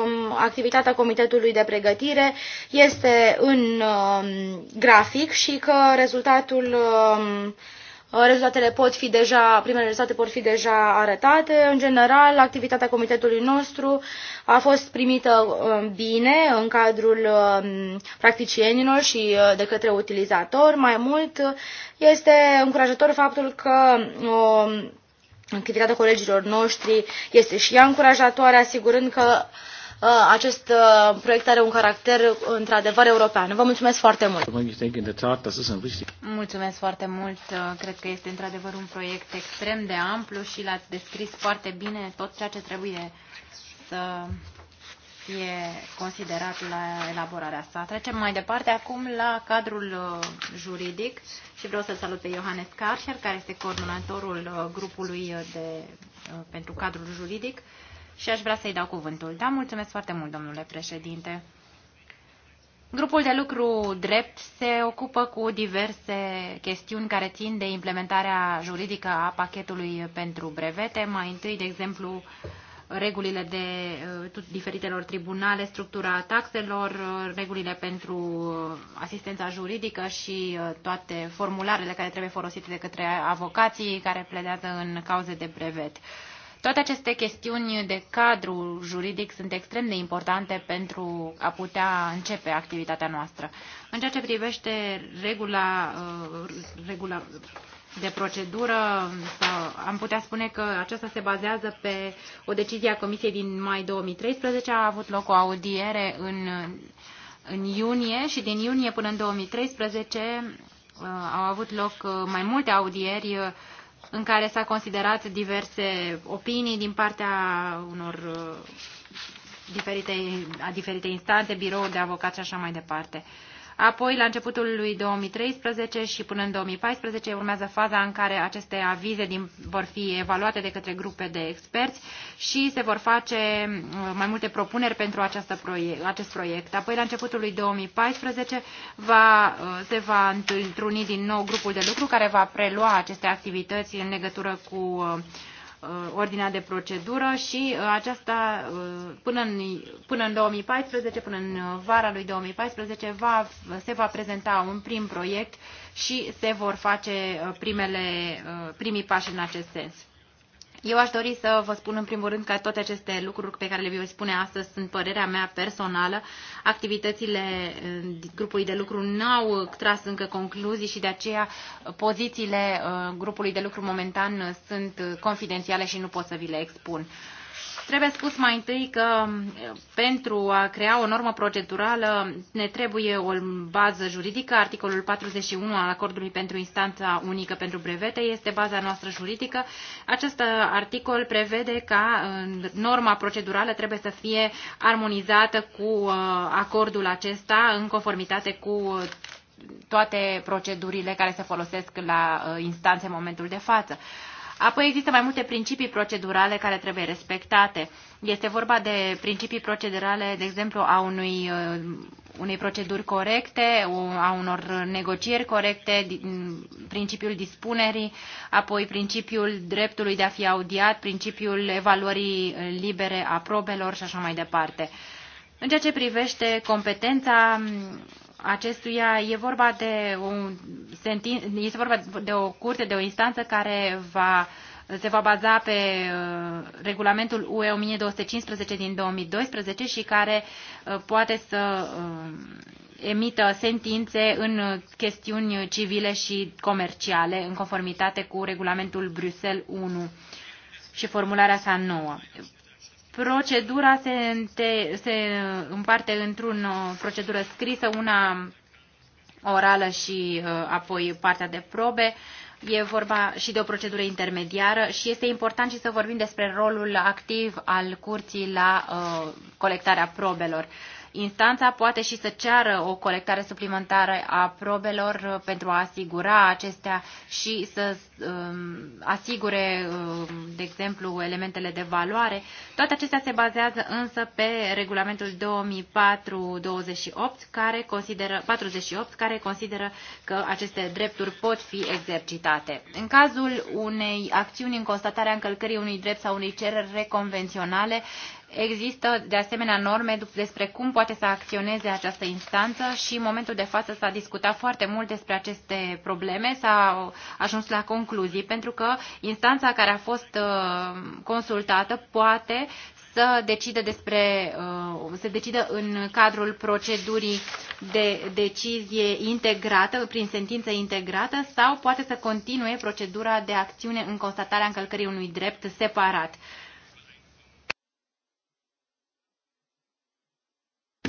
um, activitatea Comitetului de Pregătire este în grafic și că rezultatul Uh, rezultatele pot fi deja, primele rezultate pot fi deja arătate. În general, activitatea comitetului nostru a fost primită um, bine în cadrul um, practicienilor și uh, de către utilizator. Mai mult, este încurajator faptul că o, um, activitatea colegilor noștri este și ea încurajatoare, asigurând că Uh, acest uh, proiect are un caracter într-adevăr european. Vă mulțumesc foarte mult! Mulțumesc foarte mult! Uh, cred că este într-adevăr un proiect extrem de amplu și l-ați descris foarte bine tot ceea ce trebuie să fie considerat la elaborarea sa. Trecem mai departe acum la cadrul juridic și vreau să salut pe Johannes Karcher, care este coordonatorul grupului de, pentru cadrul juridic și aș vrea să-i dau cuvântul. Da, mulțumesc foarte mult, domnule președinte. Grupul de lucru drept se ocupă cu diverse chestiuni care țin de implementarea juridică a pachetului pentru brevete. Mai întâi, de exemplu, regulile de uh, diferitelor tribunale, structura taxelor, uh, regulile pentru uh, asistența juridică și toate formularele care trebuie folosite de către avocații care pledează în cauze de brevet. Toate aceste chestiuni de cadru juridic sunt extrem de importante pentru a putea începe activitatea noastră. În ceea ce privește regula, uh, regula de procedură, uh, am putea spune că aceasta se bazează pe o decizie a Comisiei din mai 2013. A avut loc o audiere în, în iunie și din iunie până în 2013 uh, au avut loc mai multe audieri în care s-a considerat diverse opinii din partea unor uh, diferite, a diferite instante, birouri de avocați și așa mai departe. Uh, Apoi, la începutul lui 2013 și până în 2014, urmează faza în care aceste avize din, vor fi evaluate de către grupe de experți și se vor face uh, mai multe propuneri pentru această proiect, acest proiect. Apoi, la începutul lui 2014, va, uh, se va întruni din nou grupul de lucru care va prelua aceste activități în legătură cu uh, Uh, ordinea de procedură și uh, aceasta uh, până în, până în 2014, până în vara lui 2014, va, se va prezenta un prim proiect și se vor face primele, primii pași în acest sens. Eu aș dori să vă spun în primul rând că toate aceste lucruri pe care le voi spune astăzi sunt părerea mea personală. Activitățile eh, grupului de lucru nu au tras încă concluzii și de aceea pozițiile eh, grupului de lucru momentan sunt eh, confidențiale și nu pot să vi le expun. Trebuie spus mai întâi că um, pentru a crea o normă procedurală ne trebuie o bază juridică. Articolul 41 al acordului pentru instanța unică pentru brevete este baza noastră juridică. Acest uh, articol prevede că norma procedurală trebuie să fie armonizată cu uh, acordul acesta în conformitate cu uh, toate procedurile care se folosesc la instanțe în momentul de față. Apoi există mai multe principii procedurale care trebuie respectate. Este vorba de principii procedurale, de exemplu, a unui, uh, unei proceduri corecte, a unor negocieri corecte, mm, principiul dispunerii, apoi principiul dreptului de a fi audiat, principiul evaluării uh, libere a probelor și așa mai departe. În ceea ce privește competența mm, acestuia e vorba de, un sentin, este vorba de o curte, de o instanță care va, se va baza pe uh, regulamentul UE 1215 din 2012 și care uh, poate să uh, emită sentințe în chestiuni civile și comerciale în conformitate cu regulamentul Bruxelles 1 și formularea sa nouă. Procedura se, te, se împarte într-o procedură scrisă, una orală și uh, apoi partea de probe. E vorba și de o procedură intermediară și este important și să vorbim despre rolul activ al curții la uh, colectarea probelor. Uh, Instanța poate și să ceară o colectare suplimentară a probelor uh, pentru a asigura acestea și să um, asigure, um, de exemplu, elementele de valoare. Toate acestea se bazează însă pe regulamentul 2004-28 care consideră, 48 care consideră că aceste drepturi pot fi exercitate. În cazul unei acțiuni în constatarea încălcării unui drept sau unei cereri reconvenționale, Există, de asemenea, norme despre cum poate să acționeze această instanță și în momentul de față s-a discutat foarte mult despre aceste probleme, s-a ajuns la concluzii, pentru că instanța care a fost uh, consultată poate să decidă despre, uh, să decidă în cadrul procedurii de decizie integrată, prin sentință integrată, sau poate să continue procedura de acțiune în constatarea încălcării unui drept separat.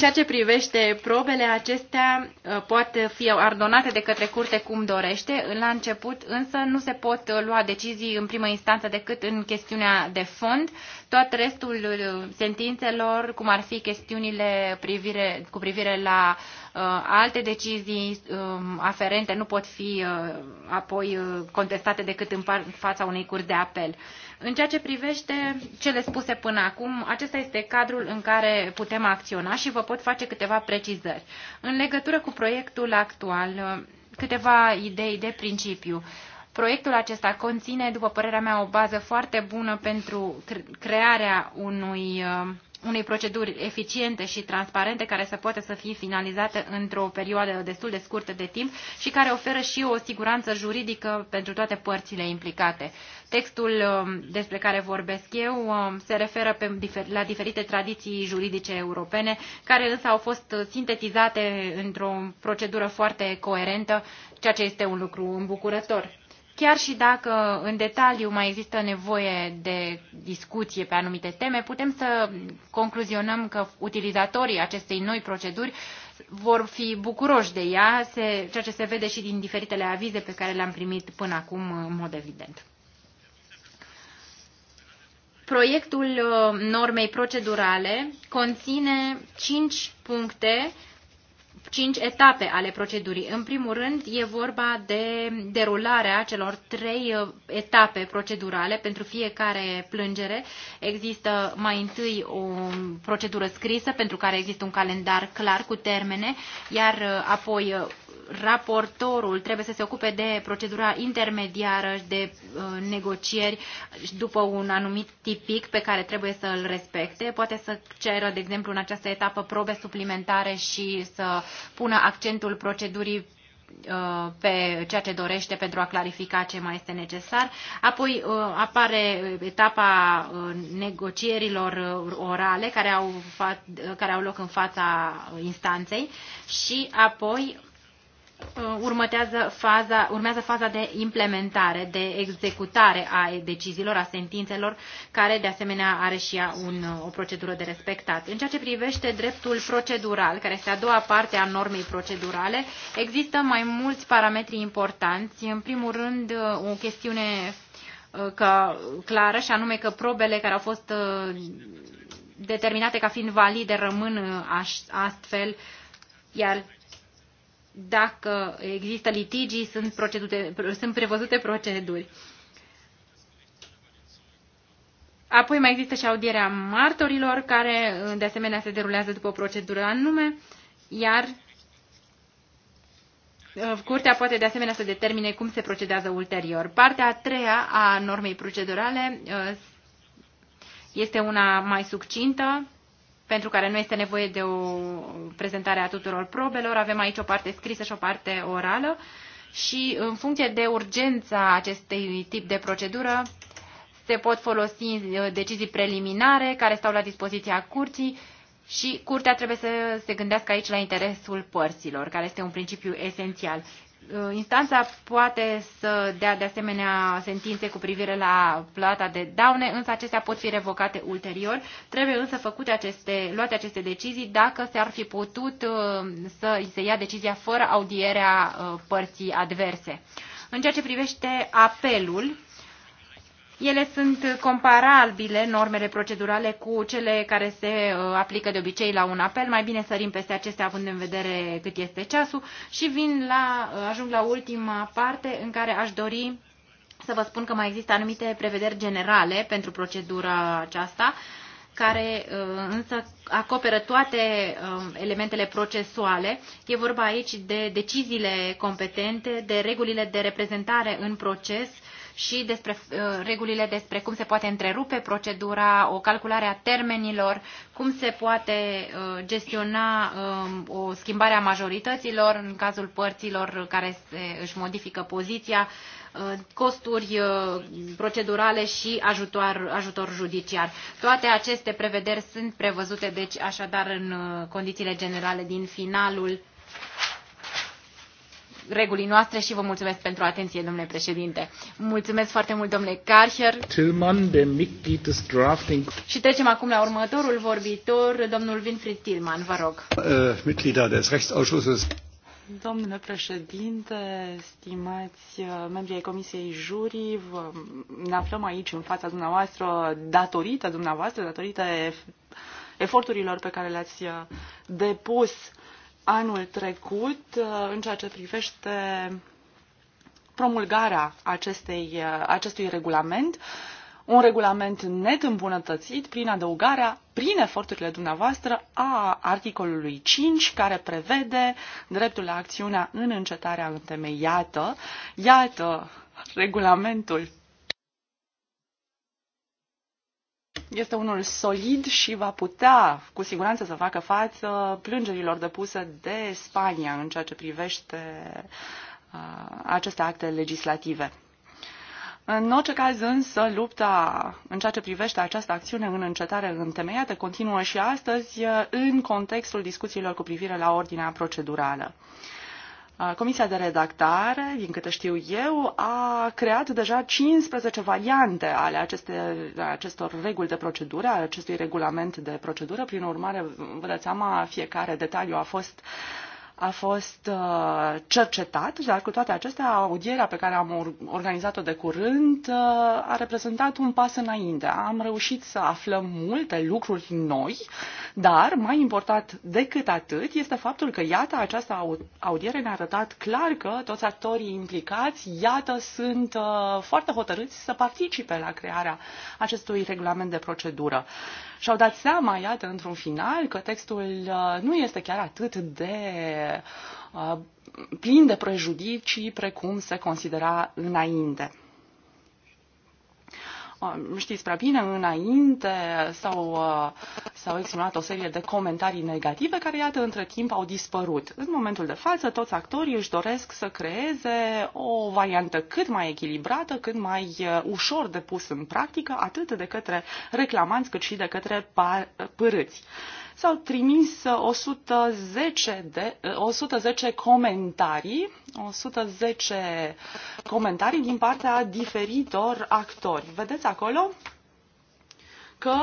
ceea ce privește probele, acestea uh, pot fi ordonate de către curte cum dorește. La început însă nu se pot uh, lua decizii în primă instanță decât în chestiunea de fond. Tot restul uh, sentințelor, cum ar fi chestiunile privire, cu privire la Uh, alte decizii um, aferente nu pot fi uh, apoi uh, contestate decât în fața unei curi de apel. În ceea ce privește cele spuse până acum, acesta este cadrul în care putem acționa și vă pot face câteva precizări. În legătură cu proiectul actual, câteva idei de principiu. Proiectul acesta conține, după părerea mea, o bază foarte bună pentru crearea unui uh, unei proceduri eficiente și transparente care să poată să fie finalizată într-o perioadă destul de scurtă de timp și care oferă și o siguranță juridică pentru toate părțile implicate. Textul um, despre care vorbesc eu um, se referă pe, la diferite tradiții juridice europene, care însă au fost sintetizate într-o procedură foarte coerentă, ceea ce este un lucru îmbucurător. Chiar și dacă în detaliu mai există nevoie de discuție pe anumite teme, putem să concluzionăm că utilizatorii acestei noi proceduri vor fi bucuroși de ea, se, ceea ce se vede și din diferitele avize pe care le-am primit până acum în mod evident. Proiectul uh, normei procedurale conține cinci puncte cinci etape ale procedurii. În primul rând, e vorba de derularea celor trei uh, etape procedurale. Pentru fiecare plângere există mai întâi o procedură scrisă pentru care există un calendar clar cu termene, iar uh, apoi uh, raportorul trebuie să se ocupe de procedura intermediară și de uh, negocieri după un anumit tipic pe care trebuie să îl respecte. Poate să ceră, de exemplu, în această etapă probe suplimentare și să pună accentul procedurii uh, pe ceea ce dorește pentru a clarifica ce mai este necesar. Apoi uh, apare etapa negocierilor orale care au, care au loc în fața instanței și apoi Uh, următează faza, urmează faza de implementare, de executare a deciziilor, a sentințelor, care de asemenea are și ea un, uh, o procedură de respectat. În ceea ce privește dreptul procedural, care este a doua parte a normei procedurale, există mai mulți parametri importanți. În primul rând, uh, o chestiune că, clară, și anume că probele care au fost determinate ca fiind valide rămân astfel, iar dacă există litigii, sunt, procedute, sunt prevăzute proceduri. Apoi mai există și audierea martorilor, care de asemenea se derulează după o procedură anume, iar uh, Curtea poate de asemenea să determine cum se procedează ulterior. Partea a treia a normei procedurale uh, este una mai succintă, pentru care nu este nevoie de o prezentare a tuturor probelor. Avem aici o parte scrisă și o parte orală și în funcție de urgența acestui tip de procedură se pot folosi uh, decizii preliminare care stau la dispoziția curții și curtea trebuie să se gândească aici la interesul părților, care este un principiu esențial. Uh, instanța poate să dea de asemenea sentințe cu privire la plata de daune, însă acestea pot fi revocate ulterior. Trebuie însă făcute aceste, luate aceste decizii dacă se ar fi putut uh, să se ia decizia fără audierea uh, părții adverse. În ceea ce privește apelul, ele sunt comparabile, normele procedurale, cu cele care se uh, aplică de obicei la un apel. Mai bine sărim peste acestea, având în vedere cât este ceasul. Și vin la, uh, ajung la ultima parte, în care aș dori să vă spun că mai există anumite prevederi generale pentru procedura aceasta, care uh, însă acoperă toate um, elementele procesuale. E vorba aici de deciziile competente, de regulile de reprezentare în proces, și despre uh, regulile despre cum se poate întrerupe procedura, o calculare a termenilor, cum se poate uh, gestiona um, o schimbare a majorităților în cazul părților care se, își modifică poziția, uh, costuri procedurale și ajutor, ajutor judiciar. Toate aceste prevederi sunt prevăzute, deci, așadar, în condițiile generale din finalul regulii noastre și vă mulțumesc pentru atenție, domnule președinte. Mulțumesc foarte mult, domnule Karcher. Tillmann, de Mitglied des Drafting. Și trecem acum la următorul vorbitor, domnul Winfried Tillmann, vă rog. Uh, Mitglieder des Rechtsausschusses. Domnule președinte, stimați uh, membrii ai Comisiei Jurii, ne aflăm aici în fața dumneavoastră datorită dumneavoastră, datorită eforturilor pe care le-ați uh, depus anul trecut uh, în ceea ce privește promulgarea acestei, uh, acestui regulament, un regulament net îmbunătățit prin adăugarea, prin eforturile dumneavoastră, a articolului 5, care prevede dreptul la acțiunea în încetarea întemeiată. Iată, regulamentul este unul solid și va putea cu siguranță să facă față plângerilor depuse de Spania în ceea ce privește uh, aceste acte legislative. În orice caz însă, lupta în ceea ce privește această acțiune în încetare întemeiată continuă și astăzi uh, în contextul discuțiilor cu privire la ordinea procedurală. Comisia de redactare, din câte știu eu, a creat deja 15 variante ale aceste, acestor reguli de procedură, ale acestui regulament de procedură. Prin urmare, vă dați seama, fiecare detaliu a fost uh, a fost uh, cercetat, dar cu toate acestea, audierea pe care am organizat-o de curând uh, a reprezentat un pas înainte. Am reușit să aflăm multe lucruri noi, dar mai important decât atât este faptul că, iată, această audiere ne-a arătat clar că toți actorii implicați, iată, sunt uh, foarte hotărâți să participe la crearea acestui regulament de procedură. Și-au dat seama, iată, într-un final, că textul nu este chiar atât de Uh, plin de prejudicii precum se considera înainte. Uh, știți prea bine, înainte s-au, uh, s-au exprimat o serie de comentarii negative care, iată, între timp au dispărut. În momentul de față, toți actorii își doresc să creeze o variantă cât mai echilibrată, cât mai ușor de pus în practică, atât de către reclamanți cât și de către părâți s-au trimis 110, uh, de, 110 uh, comentarii, 110 comentarii din partea diferitor actori. Vedeți acolo că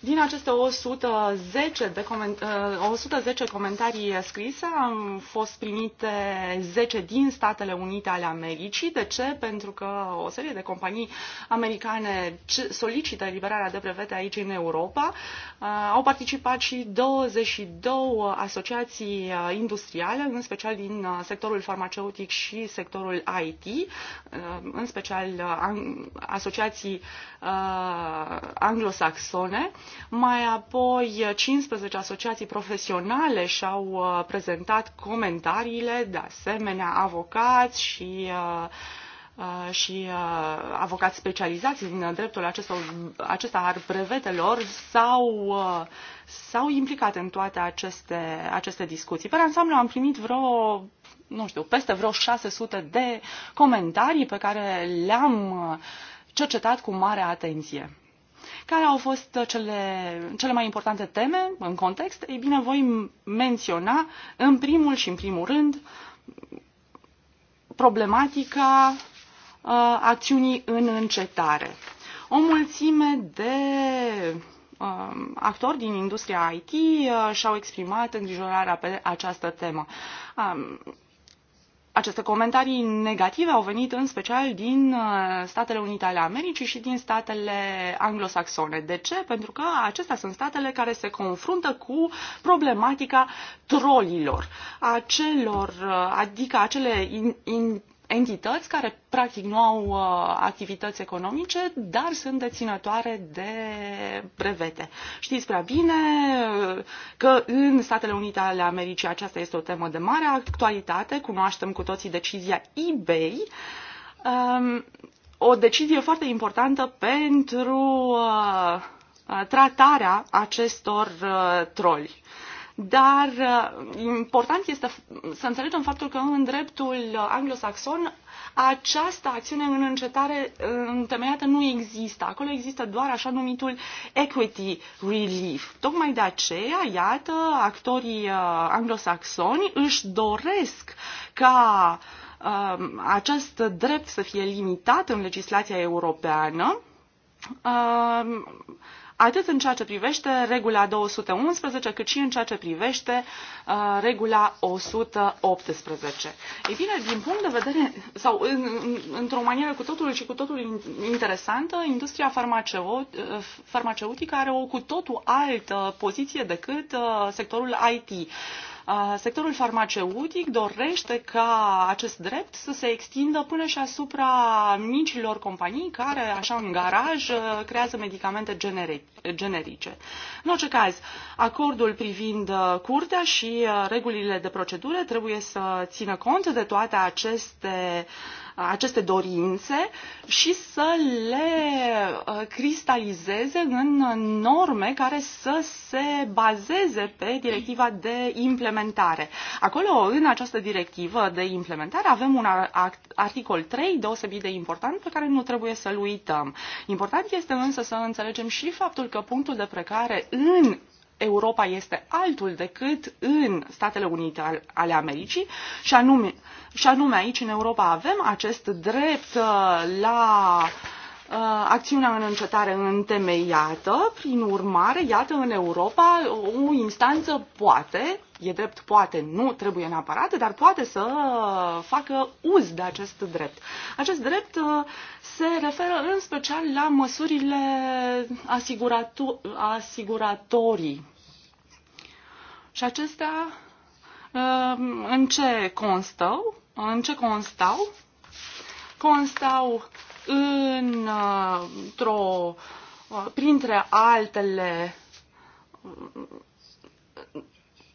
din aceste 110, de coment, 110 uh, comentarii scrise au fost primite 10 din Statele Unite ale Americii. De ce? Pentru că o serie de companii americane solicită eliberarea de brevete aici în Europa. Uh, au participat și 22 asociații uh, industriale, în special din sectorul farmaceutic și sectorul IT, în special asociații anglosaxone mai apoi, 15 asociații profesionale și-au uh, prezentat comentariile, de asemenea avocați și uh, uh, uh avocați specializați în dreptul acestor, acesta ar brevetelor sau uh, s-au implicat în toate aceste, aceste discuții. Pe ansamblu am primit vreo nu știu, peste vreo 600 de comentarii pe care le-am cercetat cu mare atenție. Care au fost cele, cele mai importante teme în context? Ei bine, voi menționa în primul și în primul rând problematica uh, acțiunii în încetare. O mulțime de um, actori din industria IT uh, și-au exprimat îngrijorarea pe această temă. Um, aceste comentarii negative au venit în special din uh, Statele Unite ale Americii și din statele anglosaxone. De ce? Pentru că acestea sunt statele care se confruntă cu problematica trolilor, acelor, uh, adică acele in, in, entități care practic nu au uh, activități economice, dar sunt deținătoare de brevete. Știți prea bine uh, că în Statele Unite ale Americii aceasta este o temă de mare actualitate, cunoaștem cu toții decizia eBay, um, o decizie foarte importantă pentru uh, tratarea acestor troli. Dar uh, important este să înțelegem faptul că în dreptul anglosaxon această acțiune în încetare uh, întemeiată nu există. Acolo există doar așa numitul equity relief. Tocmai de aceea, iată, actorii uh, anglosaxoni își doresc ca acest drept să fie limitat în legislația europeană. Uh, atât în ceea ce privește regula 211, cât și în ceea ce privește uh, regula 118. Ei bine, din punct de vedere, sau în, într-o manieră cu totul și cu totul interesantă, industria uh, farmaceutică are o cu totul altă poziție decât uh, sectorul IT. Sectorul farmaceutic dorește ca acest drept să se extindă până și asupra micilor companii care, așa în garaj, creează medicamente generice. În orice caz, acordul privind curtea și regulile de procedură trebuie să țină cont de toate aceste uh, aceste dorințe și să le uh, cristalizeze în norme care să se bazeze pe directiva de implementare. Acolo, în această directivă de implementare, avem un articol 3 deosebit de important pe care nu trebuie să-l uităm. Important este însă să înțelegem și faptul că punctul de plecare în Europa este altul decât în Statele Unite ale Americii și anume, și anume aici în Europa avem acest drept uh, la uh, acțiunea în încetare întemeiată, prin urmare, iată, în Europa o instanță poate e drept, poate nu trebuie neapărat, dar poate să facă uz de acest drept. Acest drept uh, se referă în special la măsurile asigurato- asiguratorii. Și acestea uh, în ce constau? În ce constau? Constau uh, într-o, printre altele,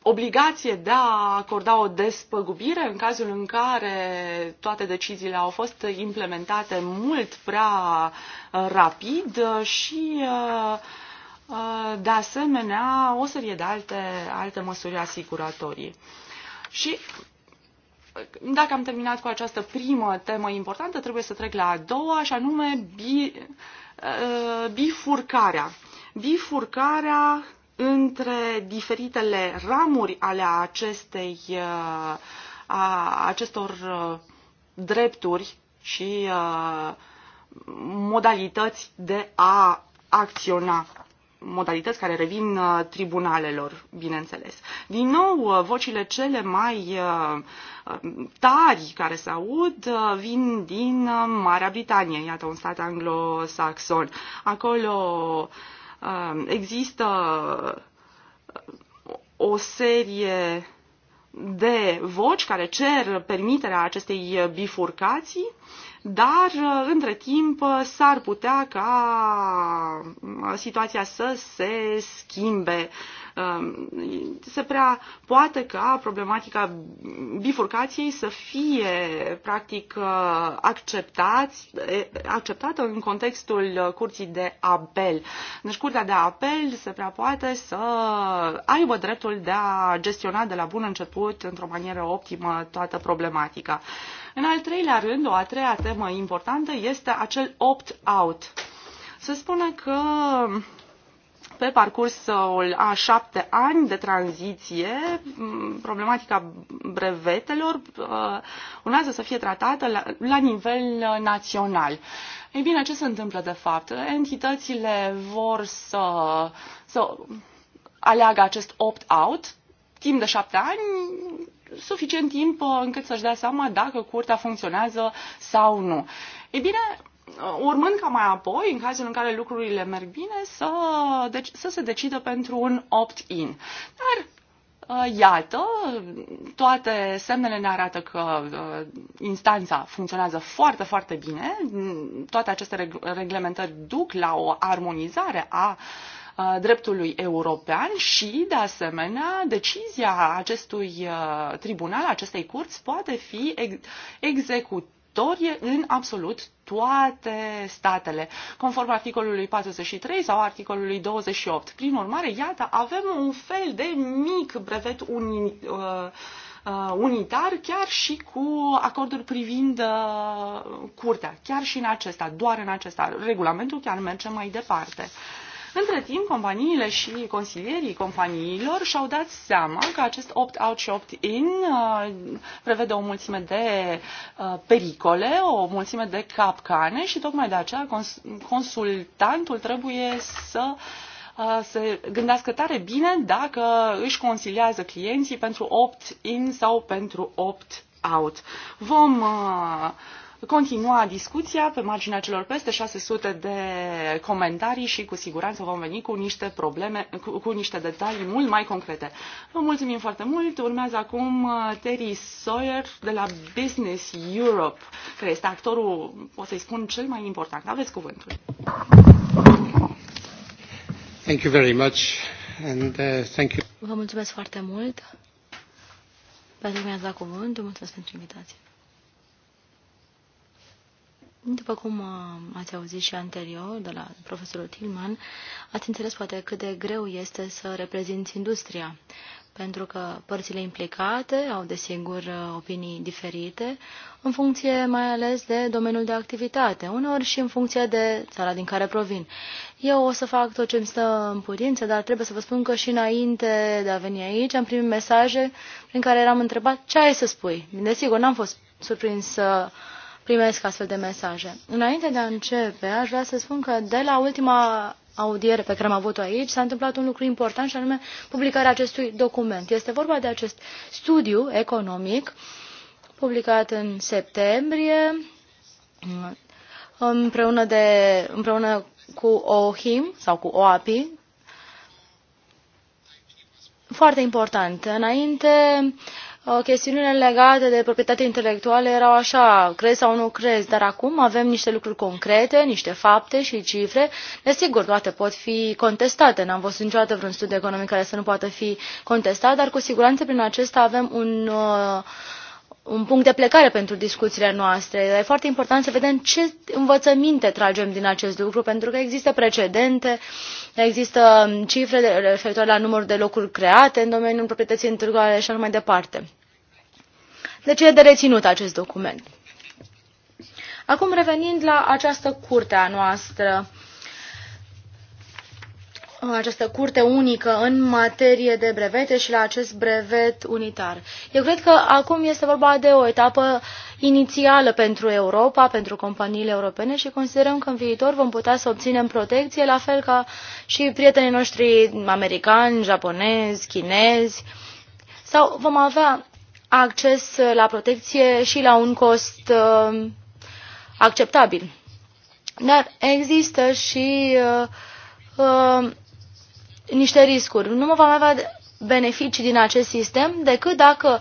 obligație de a acorda o despăgubire în cazul în care toate deciziile au fost implementate mult prea uh, rapid și uh, uh, de asemenea o serie de alte, alte măsuri asiguratorii. Și dacă am terminat cu această primă temă importantă, trebuie să trec la a doua, și anume bi, bifurcarea. Bifurcarea între diferitele ramuri ale acestei, uh, a acestor uh, drepturi și uh, modalități de a acționa modalități care revin tribunalelor, bineînțeles. Din nou, vocile cele mai tari care se aud vin din Marea Britanie, iată un stat anglosaxon. Acolo uh, Um, există uh, o serie de voci care cer permiterea acestei bifurcații, dar uh, între timp uh, s-ar putea ca situația să se schimbe uh, Um, se prea poate ca problematica bifurcației să fie practic uh, acceptați, acceptată în contextul curții de apel. Deci curtea de apel se prea poate să aibă dreptul de a gestiona de la bun început într-o manieră optimă toată problematica. În al treilea rând, o a treia temă importantă este acel opt-out. Se spune că pe parcursul a șapte ani de tranziție, problematica brevetelor uh, urmează să fie tratată la, la nivel național. Ei bine, ce se întâmplă de fapt? Entitățile vor să, să aleagă acest opt-out timp de șapte ani, suficient timp uh, încât să-și dea seama dacă curtea funcționează sau nu. Ei bine, urmând ca mai apoi, în cazul în care lucrurile merg bine, să, deci, să se decidă pentru un opt-in. Dar uh, Iată, toate semnele ne arată că uh, instanța funcționează foarte, foarte bine. Toate aceste reglementări duc la o armonizare a uh, dreptului european și, de asemenea, decizia acestui tribunal, acestei curți, poate fi executată obligatorie în absolut toate statele, conform articolului 43 sau articolului 28. Prin urmare, iată, avem un fel de mic brevet uni, uh, uh, unitar, chiar și cu acordul privind uh, curtea, chiar și în acesta, doar în acesta. Regulamentul chiar merge mai departe. Uh, între timp, companiile și consilierii companiilor și-au dat seama că acest opt-out și opt-in uh, prevede o mulțime de uh, pericole, o mulțime de capcane și tocmai de aceea consultantul trebuie să uh, se gândească tare bine dacă își consiliază clienții pentru opt-in sau pentru opt-out. Vom continua discuția pe marginea celor peste 600 de comentarii și cu siguranță vom veni cu niște probleme, cu, cu niște detalii mult mai concrete. Vă mulțumim foarte mult. Urmează acum uh, Terry Sawyer de la Business Europe, care este actorul, o să-i spun, cel mai important. Aveți cuvântul. Thank you very much and uh, thank you. Vă mulțumesc foarte mult pentru că mi-ați dat cuvântul, mulțumesc pentru invitație. După cum uh, ați auzit și anterior de la profesorul Tillman, ați înțeles poate cât de greu este să reprezinți industria, pentru că părțile implicate au desigur uh, opinii diferite, în funcție mai ales de domeniul de activitate, uneori și în funcție de țara din care provin. Eu o să fac tot ce îmi stă în putință, dar trebuie să vă spun că și înainte de a veni aici am primit mesaje prin care eram întrebat ce ai să spui. Desigur, n-am fost surprins să primesc astfel de mesaje. Înainte de a începe, aș vrea să spun că de la ultima audiere pe care am avut-o aici, s-a întâmplat un lucru important și anume publicarea acestui document. Este vorba de acest studiu economic publicat în septembrie împreună, de, împreună cu OHIM sau cu OAPI. Foarte important. Înainte chestiunile legate de proprietate intelectuală erau așa, crezi sau nu crezi, dar acum avem niște lucruri concrete, niște fapte și cifre. Desigur, toate pot fi contestate. N-am văzut niciodată vreun studiu economic care să nu poată fi contestat, dar cu siguranță prin acesta avem un uh, un punct de plecare pentru discuțiile noastre. E foarte important să vedem ce învățăminte tragem din acest lucru, pentru că există precedente uh, există um, cifre referitoare la numărul de locuri create în domeniul proprietății intelectuale și așa mai departe. Deci e de reținut acest document. Acum revenind la această curte a noastră, această curte unică în materie de brevete și la acest brevet unitar. Eu cred că acum este vorba de o etapă inițială pentru Europa, pentru companiile europene și considerăm că în viitor vom putea să obținem protecție, la fel ca și prietenii noștri americani, japonezi, chinezi, sau vom avea acces la protecție și la un cost uh, acceptabil. Dar există și uh, uh, niște riscuri. Nu mă va mai avea beneficii din acest sistem decât dacă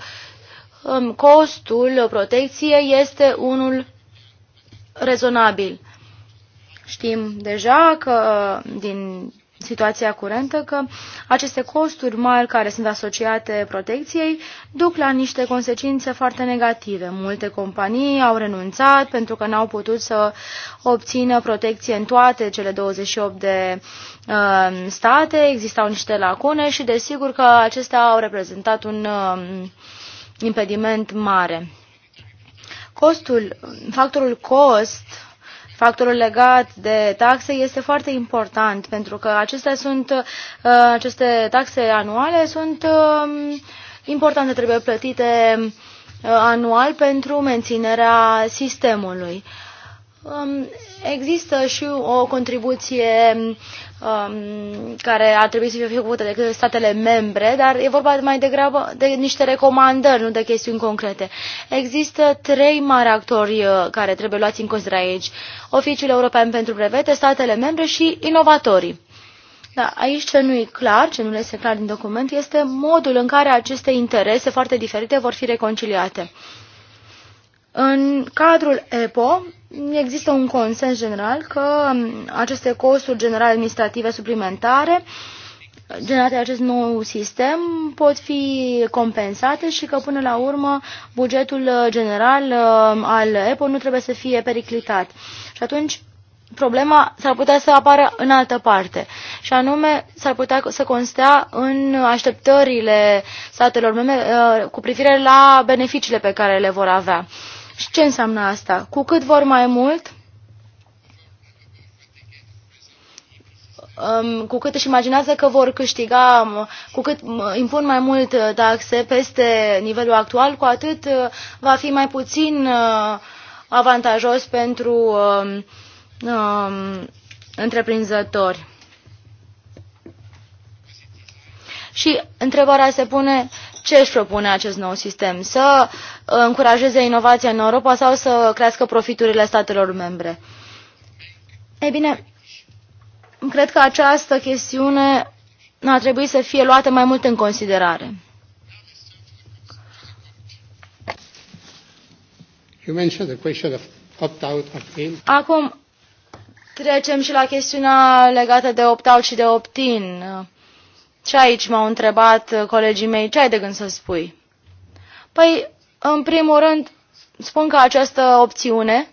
um, costul protecției este unul rezonabil. Știm deja că uh, din situația curentă că aceste costuri mari care sunt asociate protecției duc la niște consecințe foarte negative. Multe companii au renunțat pentru că n-au putut să obțină protecție în toate cele 28 de uh, state, existau niște lacune și desigur că acestea au reprezentat un uh, impediment mare. Costul, factorul cost factorul legat de taxe este foarte important pentru că acestea sunt, uh, aceste taxe anuale sunt um, importante, trebuie plătite uh, anual pentru menținerea sistemului. Um, există și o contribuție Um, care ar trebui să fie făcută de către statele membre, dar e vorba mai degrabă de niște recomandări, nu de chestiuni concrete. Există trei mari actori uh, care trebuie luați în considerare aici. Oficiul European pentru Brevete, statele membre și inovatorii. Da, aici ce nu e clar, ce nu este clar din document, este modul în care aceste interese foarte diferite vor fi reconciliate. În cadrul EPO există un consens general că um, aceste costuri generale administrative suplimentare uh, generate de acest nou sistem pot fi compensate și că până la urmă bugetul uh, general um, al EPO nu trebuie să fie periclitat. Și atunci problema s-ar putea să apară în altă parte și anume s-ar putea să constea în așteptările statelor membre uh, cu privire la beneficiile pe care le vor avea. Și ce înseamnă asta? Cu cât vor mai mult, um, cu cât își imaginează că vor câștiga, um, cu cât um, impun mai mult uh, taxe peste nivelul actual, cu atât uh, va fi mai puțin uh, avantajos pentru întreprinzători. Și întrebarea se pune ce își propune acest nou sistem? Să uh, încurajeze inovația în Europa sau să crească profiturile statelor membre? Ei bine, cred că această chestiune ar trebui să fie luată mai mult în considerare. Acum trecem și la chestiunea legată de opt-out și de opt-in. Și aici m-au întrebat uh, colegii mei, ce ai de gând să spui? Păi, în primul rând, spun că această opțiune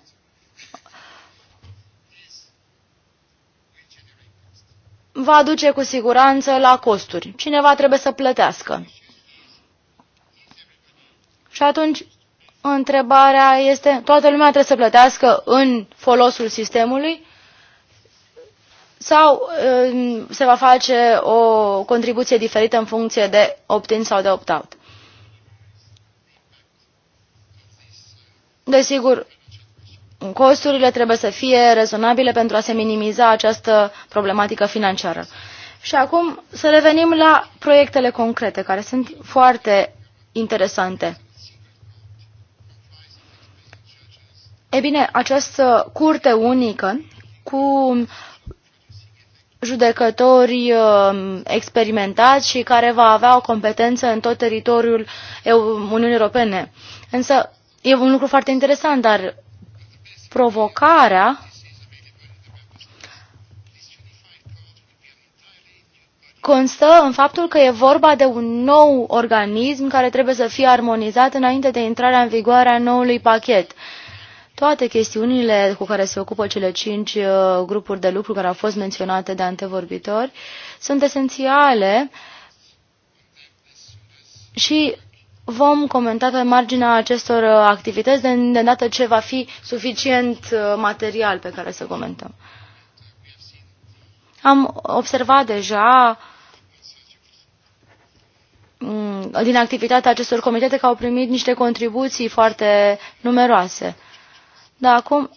va duce cu siguranță la costuri. Cineva trebuie să plătească. Și atunci, întrebarea este, toată lumea trebuie să plătească în folosul sistemului? sau se va face o contribuție diferită în funcție de opt-in sau de opt-out. Desigur, costurile trebuie să fie rezonabile pentru a se minimiza această problematică financiară. Și acum să revenim la proiectele concrete, care sunt foarte interesante. E bine, această curte unică cu judecători uh, experimentați și care va avea o competență în tot teritoriul Uniunii Europene. Însă e un lucru foarte interesant, dar provocarea constă în faptul că e vorba de un nou organism care trebuie să fie armonizat înainte de intrarea în vigoare a noului pachet. Uh, toate chestiunile cu care se ocupă cele cinci uh, grupuri de lucru care au fost menționate de antevorbitori sunt esențiale și vom comenta pe marginea acestor uh, activități de îndată ce va fi suficient uh, material pe care să comentăm. Am observat deja mm, din activitatea acestor comitete că au primit niște contribuții foarte numeroase. Da, acum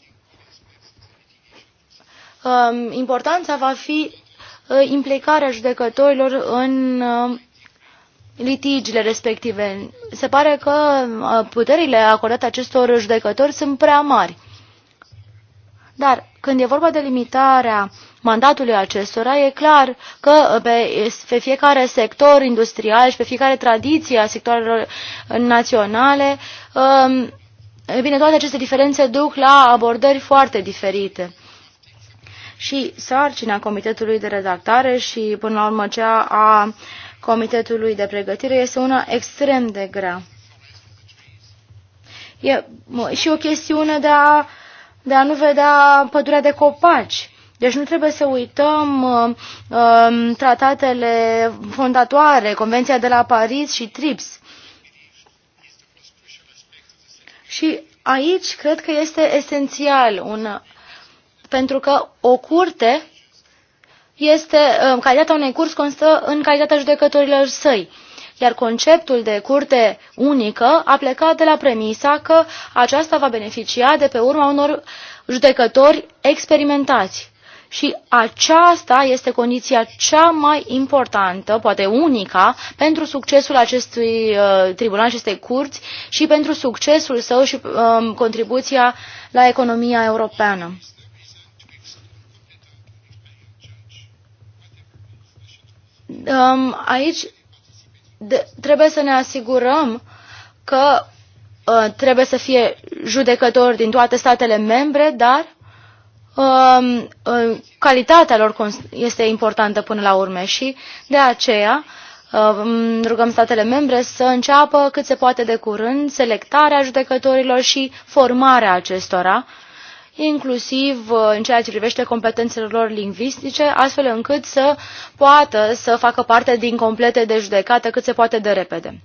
um, importanța va fi uh, implicarea judecătorilor în uh, litigiile respective. Se pare că uh, puterile acordate acestor judecători sunt prea mari. Dar când e vorba de limitarea mandatului acestora, e clar că pe, pe fiecare sector industrial și pe fiecare tradiție a sectoarelor naționale um, E bine, toate aceste diferențe duc la abordări foarte diferite. Și sarcina Comitetului de Redactare și, până la urmă, cea a Comitetului de Pregătire este una extrem de grea. E și o chestiune de a, de a nu vedea pădurea de copaci. Deci nu trebuie să uităm uh, um, tratatele fondatoare, Convenția de la Paris și TRIPS. Și aici cred că este esențial un, pentru că o curte este, calitatea unei curs constă în calitatea judecătorilor săi iar conceptul de curte unică a plecat de la premisa că aceasta va beneficia de pe urma unor judecători experimentați. Și aceasta este condiția cea mai importantă, poate unica, pentru succesul acestui uh, tribunal, acestei curți și pentru succesul său și um, contribuția la economia europeană. Um, aici de, trebuie să ne asigurăm că uh, trebuie să fie judecători din toate statele membre, dar Um, uh, calitatea lor este importantă până la urmă și de aceea uh, rugăm statele membre să înceapă cât se poate de curând selectarea judecătorilor și formarea acestora, inclusiv uh, în ceea ce privește competențele lor lingvistice, astfel încât să poată să facă parte din complete de judecată cât se poate de repede.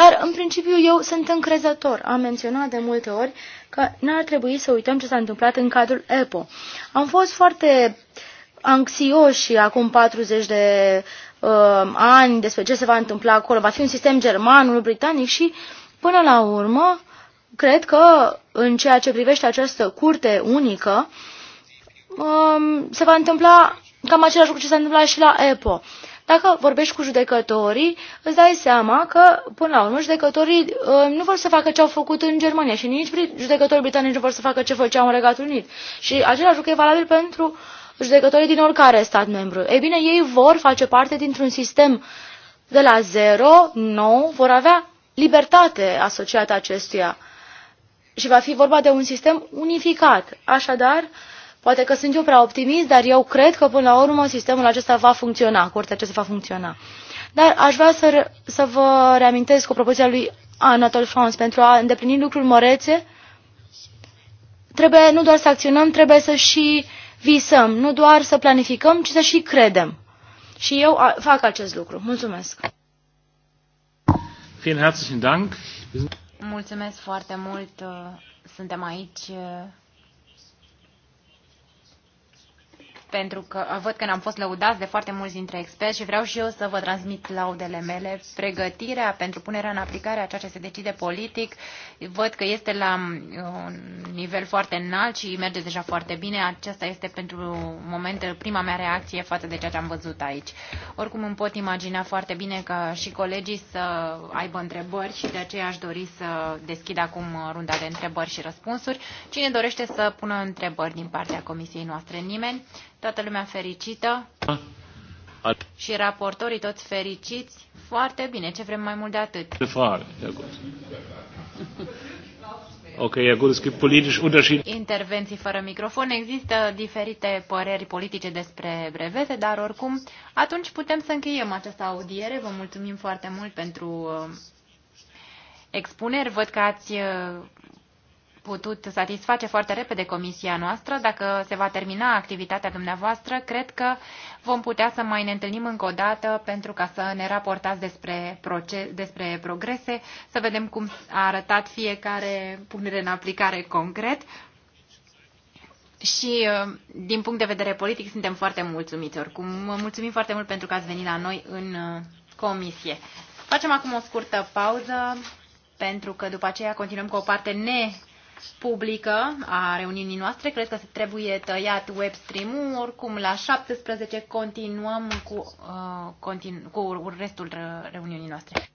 Dar, în principiu, eu sunt încrezător. Am menționat de multe ori că n-ar trebui să uităm ce s-a întâmplat în cadrul EPO. Am fost foarte anxioși acum 40 de uh, ani despre ce se va întâmpla acolo. Va fi un sistem german, unul britanic și, până la urmă, cred că în ceea ce privește această curte unică, uh, se va întâmpla cam același lucru ce s-a întâmplat și la EPO. Dacă vorbești cu judecătorii, îți dai seama că, până la urmă, judecătorii uh, nu vor să facă ce au făcut în Germania și nici judecătorii britanici nu vor să facă ce făceau în Regatul Unit. Și același lucru e valabil pentru judecătorii din oricare stat membru. Ei bine, ei vor face parte dintr-un sistem de la zero, nou, vor avea libertate asociată acestuia și va fi vorba de un sistem unificat. Așadar, uh, Poate că sunt eu prea optimist, dar eu cred că până la urmă sistemul acesta va funcționa, curtea aceasta va funcționa. Dar aș vrea să, să vă reamintesc o propoziție lui Anatol France pentru a îndeplini lucruri mărețe. Trebuie nu doar să acționăm, trebuie să și visăm, nu doar să planificăm, ci să și credem. Și eu fac acest lucru. Mulțumesc! Vielen herzlichen Dank! Mulțumesc foarte mult! Suntem aici pentru că văd că n-am fost lăudați de foarte mulți dintre experți și vreau și eu să vă transmit laudele mele. Pregătirea pentru punerea în aplicare a ceea ce se decide politic, văd că este la um, un nivel foarte înalt și merge deja foarte bine. Aceasta este pentru moment prima mea reacție față de ceea ce am văzut aici. Oricum îmi pot imagina foarte bine că și colegii să aibă întrebări și de aceea aș dori să deschid acum runda de întrebări și răspunsuri. Cine dorește să pună întrebări din partea comisiei noastre? Nimeni? toată lumea fericită și raportorii toți fericiți. Foarte bine, ce vrem mai mult de atât. Okay, ja gut, es gibt politisch Unterschiede. Intervenții fără microfon. Există diferite păreri politice despre brevete, dar oricum, atunci putem să încheiem această audiere. Vă mulțumim foarte mult pentru uh, expuneri. Văd că ați uh, putut satisface foarte repede comisia noastră. Dacă se va termina activitatea dumneavoastră, cred că vom putea să mai ne întâlnim încă o dată pentru ca să ne raportați despre, proces, despre progrese, să vedem cum a arătat fiecare punere în aplicare concret. Și uh, din punct de vedere politic suntem foarte mulțumiți oricum. Mulțumim foarte mult pentru că ați venit la noi în uh, comisie. Facem acum o scurtă pauză pentru că după aceea continuăm cu o parte ne publică a reuniunii noastre. Cred că se trebuie tăiat stream ul Oricum, la 17 continuăm cu, uh, continu- cu restul reuniunii noastre.